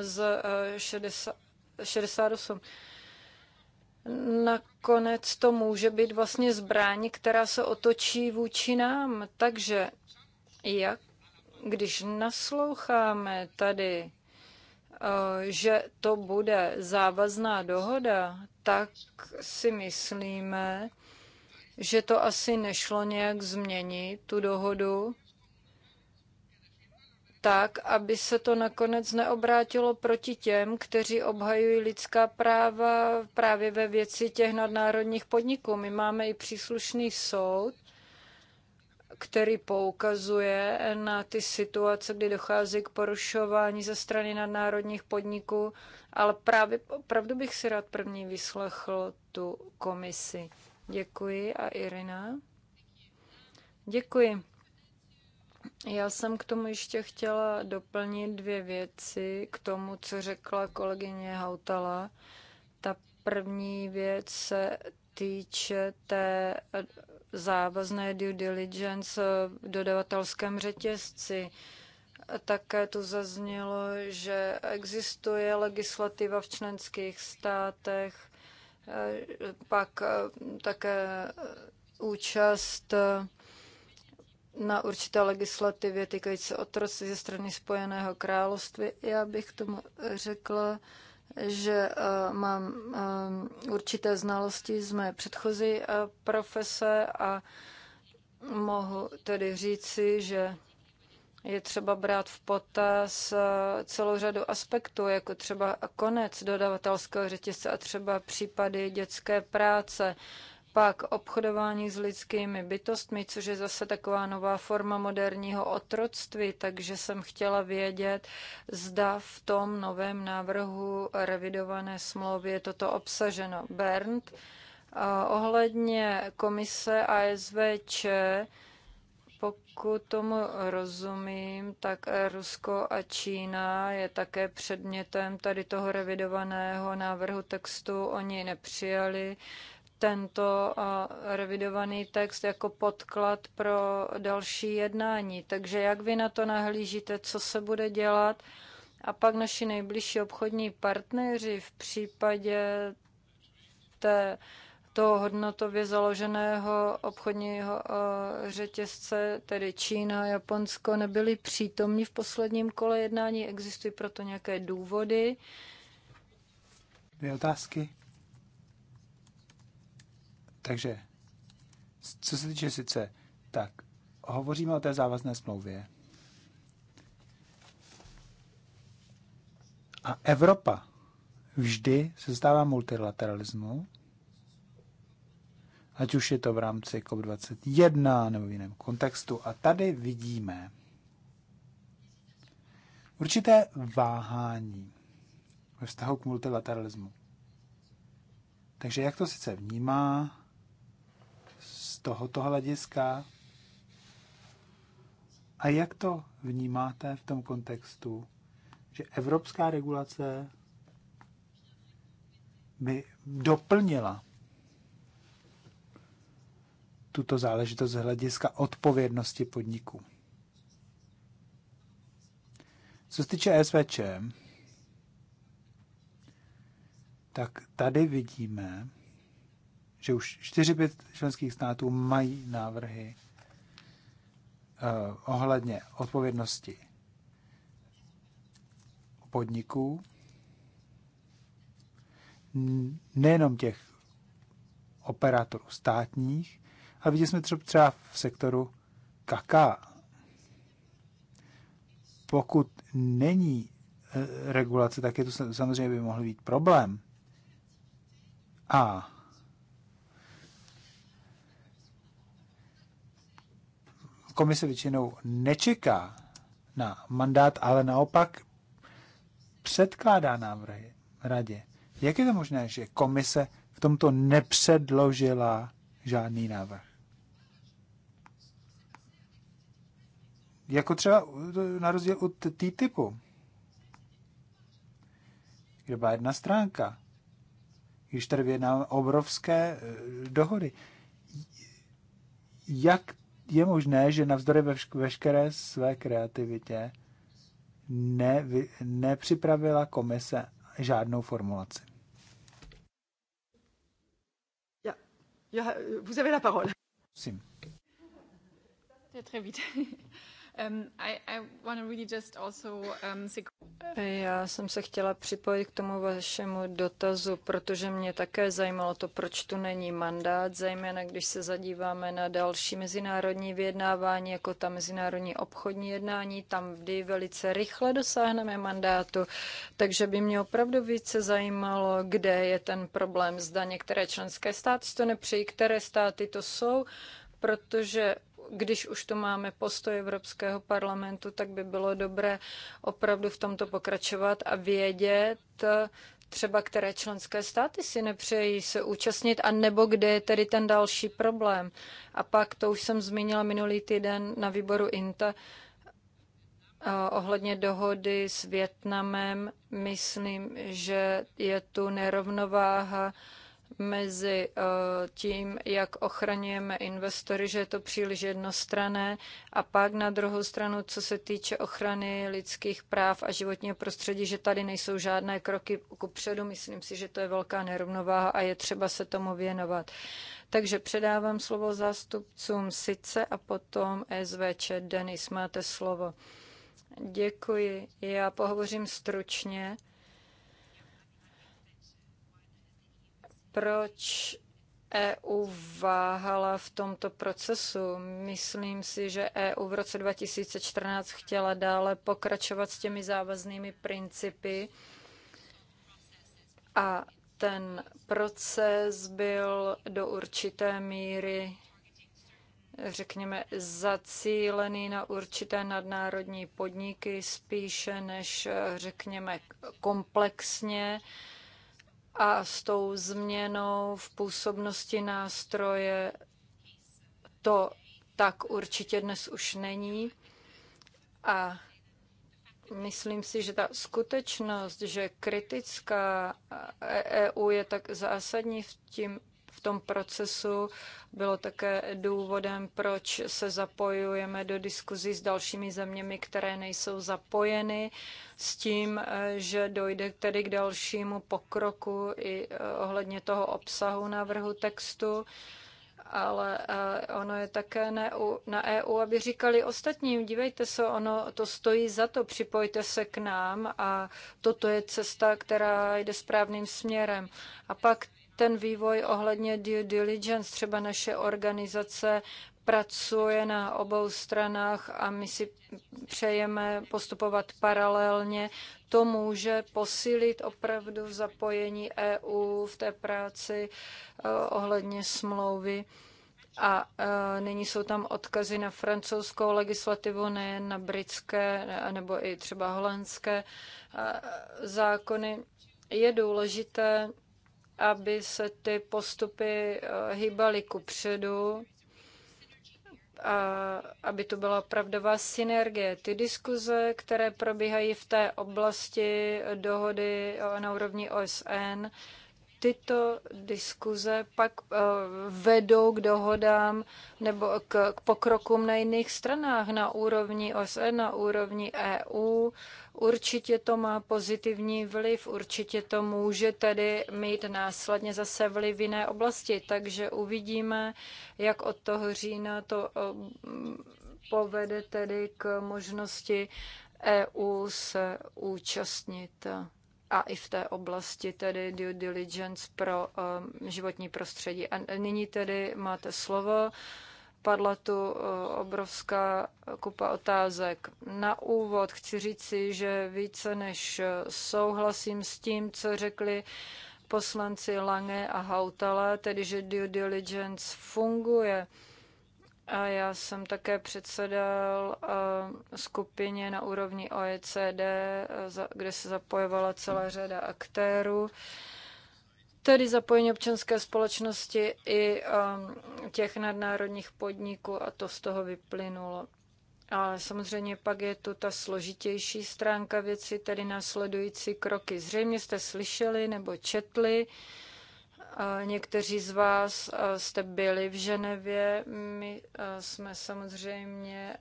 z 60, eh, 68. Nakonec to může být vlastně zbraň, která se otočí vůči nám. Takže jak, když nasloucháme tady, eh, že to bude závazná dohoda, tak si myslíme, že to asi nešlo nějak změnit, tu dohodu, tak, aby se to nakonec neobrátilo proti těm, kteří obhajují lidská práva právě ve věci těch nadnárodních podniků. My máme i příslušný soud, který poukazuje na ty situace, kdy dochází k porušování ze strany nadnárodních podniků, ale právě opravdu bych si rád první vyslechl tu komisi. Děkuji a Irina. Děkuji. Já jsem k tomu ještě chtěla doplnit dvě věci k tomu, co řekla kolegyně Hautala. Ta první věc se týče té závazné due diligence v dodavatelském řetězci. Také tu zaznělo, že existuje legislativa v členských státech, eh, pak eh, také účast eh, na určité legislativě týkající se otroctví ze strany Spojeného království. Já bych k tomu řekla, že eh, mám eh, určité znalosti z mé předchozí eh, profese a mohu tedy říci, že je třeba brát v potaz celou řadu aspektů, jako třeba konec dodavatelského řetězce a třeba případy dětské práce pak obchodování s lidskými bytostmi, což je zase taková nová forma moderního otroctví, takže jsem chtěla vědět, zda v tom novém návrhu revidované smlouvy je toto obsaženo. Bernd, ohledně komise ASVČ, pokud tomu rozumím, tak Rusko a Čína je také předmětem tady toho revidovaného návrhu textu. Oni nepřijali tento revidovaný text jako podklad pro další jednání. Takže jak vy na to nahlížíte, co se bude dělat? A pak naši nejbližší obchodní partneři v případě té, toho hodnotově založeného obchodního řetězce, tedy Čína a Japonsko, nebyli přítomní v posledním kole jednání. Existují proto nějaké důvody? Dvě otázky. Takže, co se týče sice, tak hovoříme o té závazné smlouvě. A Evropa vždy se stává multilateralismu, ať už je to v rámci COP21 nebo v jiném kontextu. A tady vidíme určité váhání ve vztahu k multilateralismu. Takže jak to sice vnímá z tohoto hlediska? A jak to vnímáte v tom kontextu, že evropská regulace by doplnila tuto záležitost z hlediska odpovědnosti podniků? Co se týče SVČ, tak tady vidíme, že už 4-5 členských států mají návrhy uh, ohledně odpovědnosti podniků, nejenom těch operátorů státních, ale viděli jsme třeba v sektoru kaká. Pokud není eh, regulace, tak je to samozřejmě by mohl být problém. A komise většinou nečeká na mandát, ale naopak předkládá návrhy radě. Jak je to možné, že komise v tomto nepředložila žádný návrh? Jako třeba na rozdíl od T-typu, kde byla jedna stránka, když tady vyjednáme obrovské eh, dohody. Jak je možné, že navzdory veškeré své kreativitě ne, nepřipravila komise žádnou formulaci. Ja, ja, vous avez la parole. je Très vite. Um, um, Já jsem se chtěla připojit k tomu vašemu dotazu, protože mě také zajímalo to, proč tu není mandát, zejména když se zadíváme na další mezinárodní vyjednávání, jako ta mezinárodní obchodní jednání, tam vždy velice rychle dosáhneme mandátu, takže by mě opravdu více zajímalo, kde je ten problém, zda některé členské státy to nepřejí, které státy to jsou, protože když už tu máme postoj Evropského parlamentu, tak by bylo dobré opravdu v tomto pokračovat a vědět, eh, třeba které členské státy si nepřejí se účastnit, a nebo kde je tedy ten další problém. A pak, to už jsem zmínila minulý týden na výboru INTA, eh, ohledně dohody s Větnamem, myslím, že je tu nerovnováha mezi eh, tím, jak ochraňujeme investory, že je to příliš jednostrané, a pak na druhou stranu, co se týče ochrany lidských práv a životního prostředí, že tady nejsou žádné kroky kupředu. Myslím si, že to je velká nerovnováha a je třeba se tomu věnovat. Takže předávám slovo zástupcům SICE a potom SVČ. Denis, máte slovo. Děkuji. Já pohovořím stručně proč EU váhala v tomto procesu. Myslím si, že EU v roce 2014 chtěla dále pokračovat s těmi závaznými principy a ten proces byl do určité míry, řekněme, zacílený na určité nadnárodní podniky spíše než, řekněme, komplexně a s tou změnou v působnosti nástroje to tak určitě dnes už není. A myslím si, že ta skutečnost, že kritická EU e je tak zásadní v tím v tom procesu bylo také důvodem, proč se zapojujeme do diskuzí s dalšími zeměmi, které nejsou zapojeny, s tím, eh, že dojde tedy k dalšímu pokroku i eh, ohledně toho obsahu návrhu textu ale eh, ono je také na EU, na EU, aby říkali ostatním, dívejte se, ono to stojí za to, připojte se k nám a toto je cesta, která jde správným směrem. A pak ten vývoj ohledně due diligence, třeba naše organizace pracuje na obou stranách a my si přejeme postupovat paralelně. To může posílit opravdu zapojení EU v té práci eh, ohledně smlouvy. A eh, nyní jsou tam odkazy na francouzskou legislativu, nejen na britské nebo i třeba holandské eh, zákony. Je důležité aby se ty postupy eh, hýbaly kupředu a aby to byla pravdová synergie. Ty diskuze, které probíhají v té oblasti dohody na úrovni OSN, tyto diskuze pak eh, vedou k dohodám nebo k, k pokrokům na jiných stranách, na úrovni OSN, na úrovni EU. Určitě to má pozitivní vliv, určitě to může tedy mít následně zase vliv v jiné oblasti, takže uvidíme, jak od toho října to eh, povede tedy k možnosti EU se účastnit a i v té oblasti tedy due diligence pro um, životní prostředí. A nyní tedy máte slovo. Padla tu uh, obrovská kupa otázek. Na úvod chci říci, že více než uh, souhlasím s tím, co řekli poslanci Lange a Hautala, tedy že due diligence funguje a já jsem také předsedal eh, skupině na úrovni OECD, eh, kde se zapojovala celá řada aktérů tedy zapojení občanské společnosti i eh, těch nadnárodních podniků a to z toho vyplynulo. Ale samozřejmě pak je tu ta složitější stránka věci, tedy následující kroky. Zřejmě jste slyšeli nebo četli, Někteří z vás jste byli v Ženevě. My jsme samozřejmě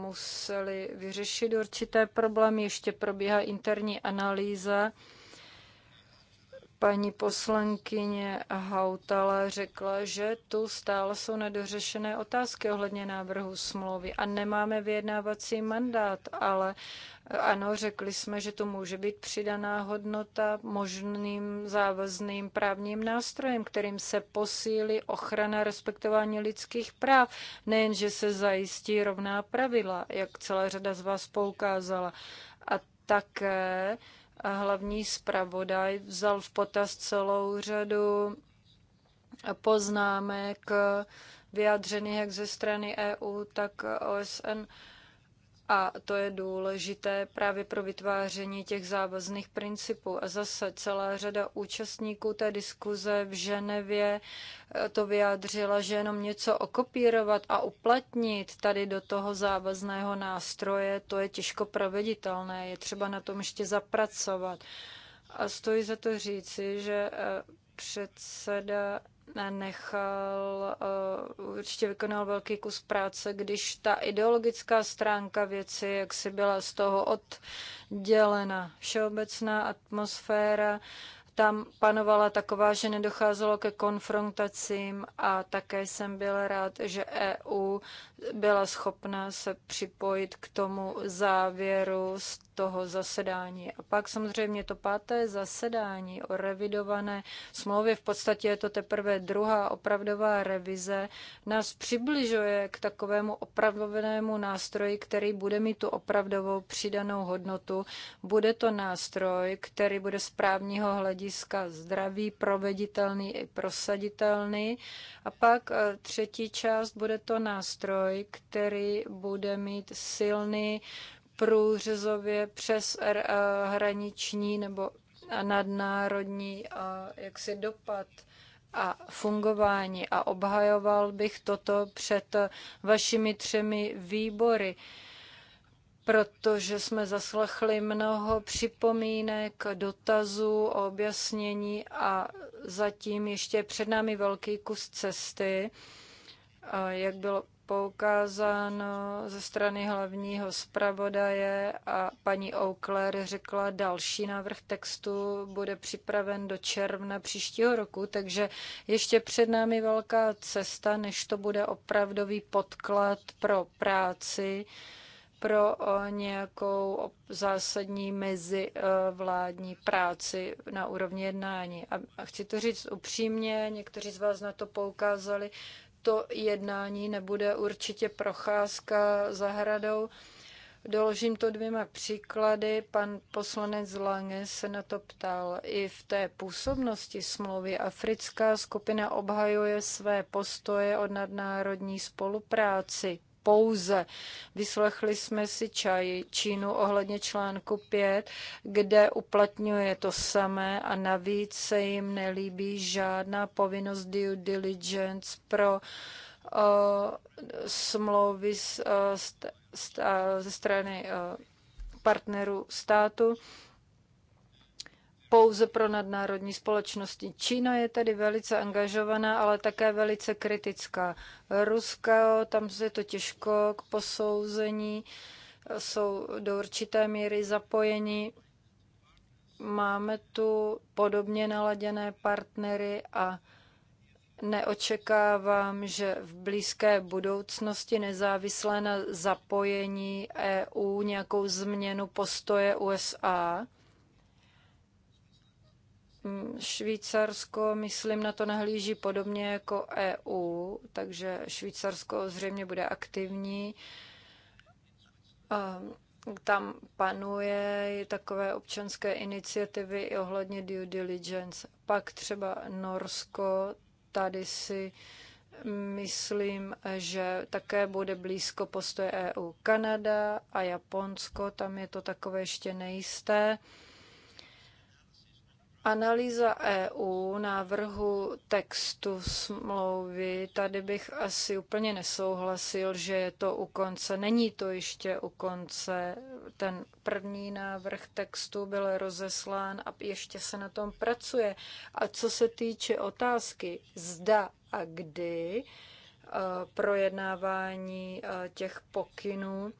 museli vyřešit určité problémy. Ještě probíhá interní analýza Paní poslankyně Hautala řekla, že tu stále jsou nedořešené otázky ohledně návrhu smlouvy a nemáme vyjednávací mandát, ale ano, řekli jsme, že to může být přidaná hodnota možným závazným právním nástrojem, kterým se posílí ochrana respektování lidských práv. Nejenže se zajistí rovná pravidla, jak celá řada z vás poukázala, a také a hlavní zpravodaj vzal v potaz celou řadu poznámek vyjádřených jak ze strany EU, tak OSN a to je důležité právě pro vytváření těch závazných principů. A zase celá řada účastníků té diskuze v Ženevě eh, to vyjádřila, že jenom něco okopírovat a uplatnit tady do toho závazného nástroje, to je těžko proveditelné. Je třeba na tom ještě zapracovat. A stojí za to říci, že eh, předseda nechal, eh, určitě vykonal velký kus práce, když ta ideologická stránka věci, jak si byla z toho oddělena. Všeobecná atmosféra tam panovala taková, že nedocházelo ke konfrontacím a také jsem byl rád, že EU byla schopna se připojit k tomu závěru z toho zasedání. A pak samozřejmě to páté zasedání o revidované smlouvě, v podstatě je to teprve druhá opravdová revize, nás přibližuje k takovému opravdovému nástroji, který bude mít tu opravdovou přidanou hodnotu. Bude to nástroj, který bude z právního hlediska hlediska zdraví, proveditelný i prosaditelný. A pak e, třetí část bude to nástroj, který bude mít silný průřezově přes e, hraniční nebo nadnárodní e, jaksi dopad a fungování a obhajoval bych toto před vašimi třemi výbory protože jsme zaslechli mnoho připomínek, dotazů, objasnění a zatím ještě před námi velký kus cesty, jak bylo poukázáno ze strany hlavního zpravodaje a paní Oukler řekla, další návrh textu bude připraven do června příštího roku, takže ještě před námi velká cesta, než to bude opravdový podklad pro práci pro eh, nějakou zásadní mezi eh, vládní práci na úrovni jednání. A chci to říct upřímně, někteří z vás na to poukázali, to jednání nebude určitě procházka zahradou. Doložím to dvěma příklady. Pan poslanec Lange se na to ptal. I v té působnosti smlouvy africká skupina obhajuje své postoje o nadnárodní spolupráci pouze. Vyslechli jsme si čaj, Čínu ohledně článku 5, kde uplatňuje to samé a navíc se jim nelíbí žádná povinnost due diligence pro uh, smlouvy ze uh, st, eh, ze strany uh, partnerů státu pouze pro nadnárodní společnosti. Čína je tedy velice angažovaná, ale také velice kritická. Rusko, tam je to těžko k posouzení, jsou do určité míry zapojeni. Máme tu podobně naladěné partnery a neočekávám, že v blízké budoucnosti nezávisle na zapojení EU nějakou změnu postoje USA Mm, Švýcarsko, myslím, na to nahlíží podobně jako EU, takže Švýcarsko zřejmě bude aktivní. Tam panuje takové občanské iniciativy i ohledně due diligence. Pak třeba Norsko, tady si myslím, že také bude blízko postoje EU. Kanada a Japonsko, tam je to takové ještě nejisté. Analýza EU návrhu textu smlouvy, tady bych asi úplně nesouhlasil, že je to u konce. Není to ještě u konce. Ten první návrh textu byl rozeslán a ještě se na tom pracuje. A co se týče otázky, zda a kdy eh, projednávání eh, těch pokynů,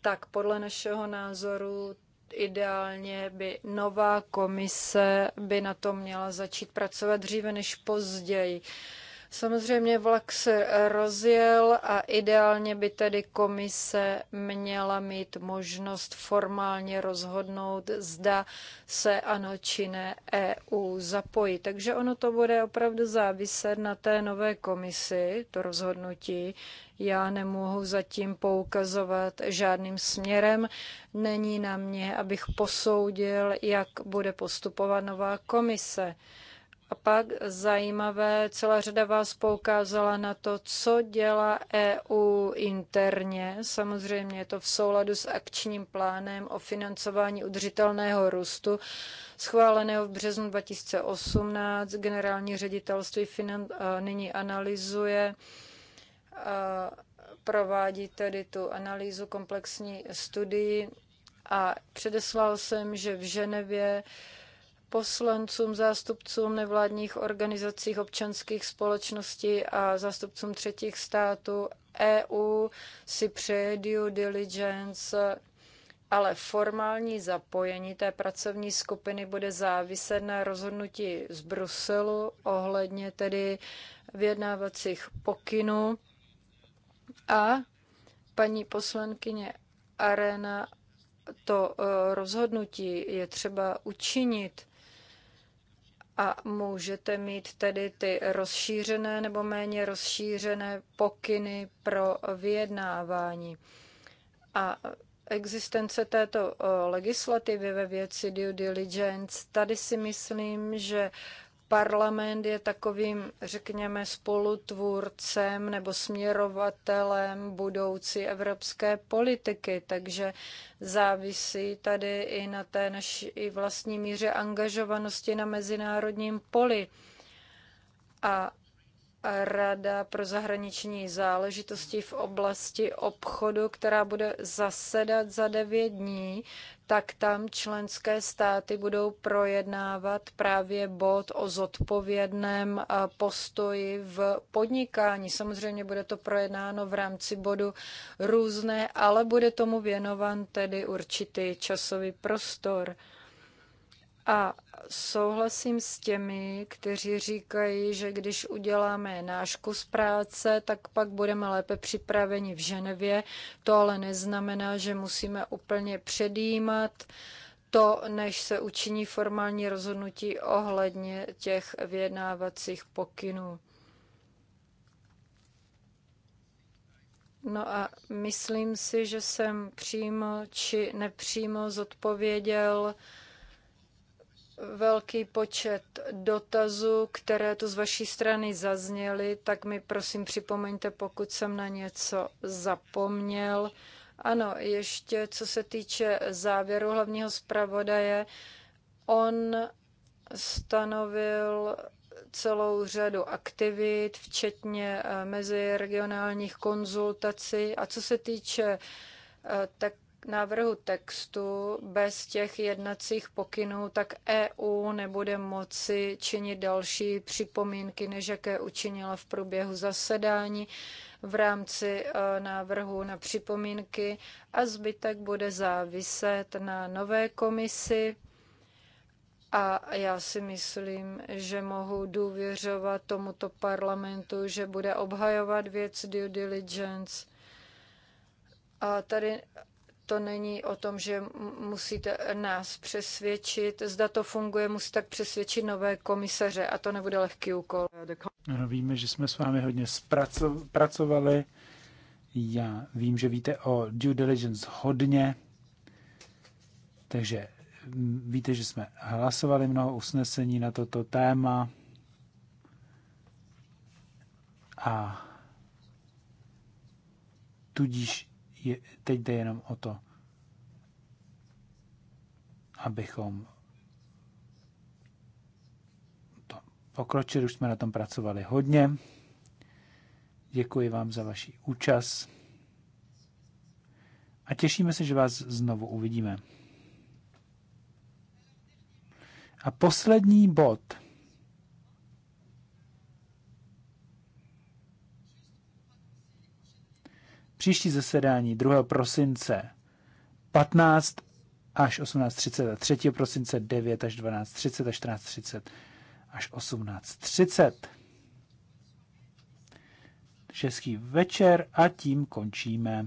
tak podle našeho názoru ideálně by nová komise by na to měla začít pracovat dříve než později. Uh, Samozřejmě vlak se rozjel a ideálně by tedy komise měla mít možnost formálně rozhodnout, zda se ano či ne EU zapojí. Takže ono to bude opravdu záviset na té nové komisi, to rozhodnutí. Já nemohu zatím poukazovat žádným směrem. Není na mě, abych posoudil, jak bude postupovat nová komise. A pak zajímavé, celá řada vás poukázala na to, co dělá EU interně. Samozřejmě je to v souladu s akčním plánem o financování udržitelného růstu, schváleného v březnu 2018. Generální ředitelství finan- nyní analyzuje provádí tedy tu analýzu komplexní studii a předeslal jsem, že v Ženevě poslancům, zástupcům nevládních organizací, občanských společností a zástupcům třetích států EU si přeje due diligence, ale formální zapojení té pracovní skupiny bude záviset na rozhodnutí z Bruselu ohledně tedy vyjednávacích pokynů. A paní poslankyně Arena to eh, rozhodnutí je třeba učinit a můžete mít tedy ty rozšířené nebo méně rozšířené pokyny pro vyjednávání. A existence této legislativy ve věci due diligence, tady si myslím, že parlament je takovým, řekněme, spolutvůrcem nebo směrovatelem budoucí evropské politiky, takže závisí tady i na té naší vlastní míře angažovanosti na mezinárodním poli. A Rada pro zahraniční záležitosti v oblasti obchodu, která bude zasedat za devět dní, tak tam členské státy budou projednávat právě bod o zodpovědném eh, postoji v podnikání. Samozřejmě bude to projednáno v rámci bodu různé, ale bude tomu věnovan tedy určitý časový prostor. A souhlasím s těmi, kteří říkají, že když uděláme náš kus práce, tak pak budeme lépe připraveni v Ženevě. To ale neznamená, že musíme úplně předjímat to, než se učiní formální rozhodnutí ohledně těch vyjednávacích pokynů. No a myslím si, že jsem přímo či nepřímo zodpověděl velký počet dotazů, které tu z vaší strany zazněly, tak mi prosím připomeňte, pokud jsem na něco zapomněl. Ano, ještě co se týče závěru hlavního zpravodaje, on stanovil celou řadu aktivit, včetně eh, meziregionálních konzultací. A co se týče eh, tak návrhu textu bez těch jednacích pokynů, tak EU nebude moci činit další připomínky, než jaké učinila v průběhu zasedání v rámci e, návrhu na připomínky a zbytek bude záviset na nové komisi. A já si myslím, že mohu důvěřovat tomuto parlamentu, že bude obhajovat věc due diligence. A tady to není o tom, že musíte nás přesvědčit. Zda to funguje, musí tak přesvědčit nové komisaře a to nebude lehký úkol. Ano, víme, že jsme s vámi hodně pracovali. Já vím, že víte o due diligence hodně, takže víte, že jsme hlasovali mnoho usnesení na toto téma. A tudíž je, teď jde jenom o to, abychom to pokročili. Už jsme na tom pracovali hodně. Děkuji vám za vaši účast a těšíme se, že vás znovu uvidíme. A poslední bod – Příští zasedání 2. prosince 15 až 18.30 a 3. prosince 9 až 12.30 a 14.30 až 18.30. Český večer a tím končíme.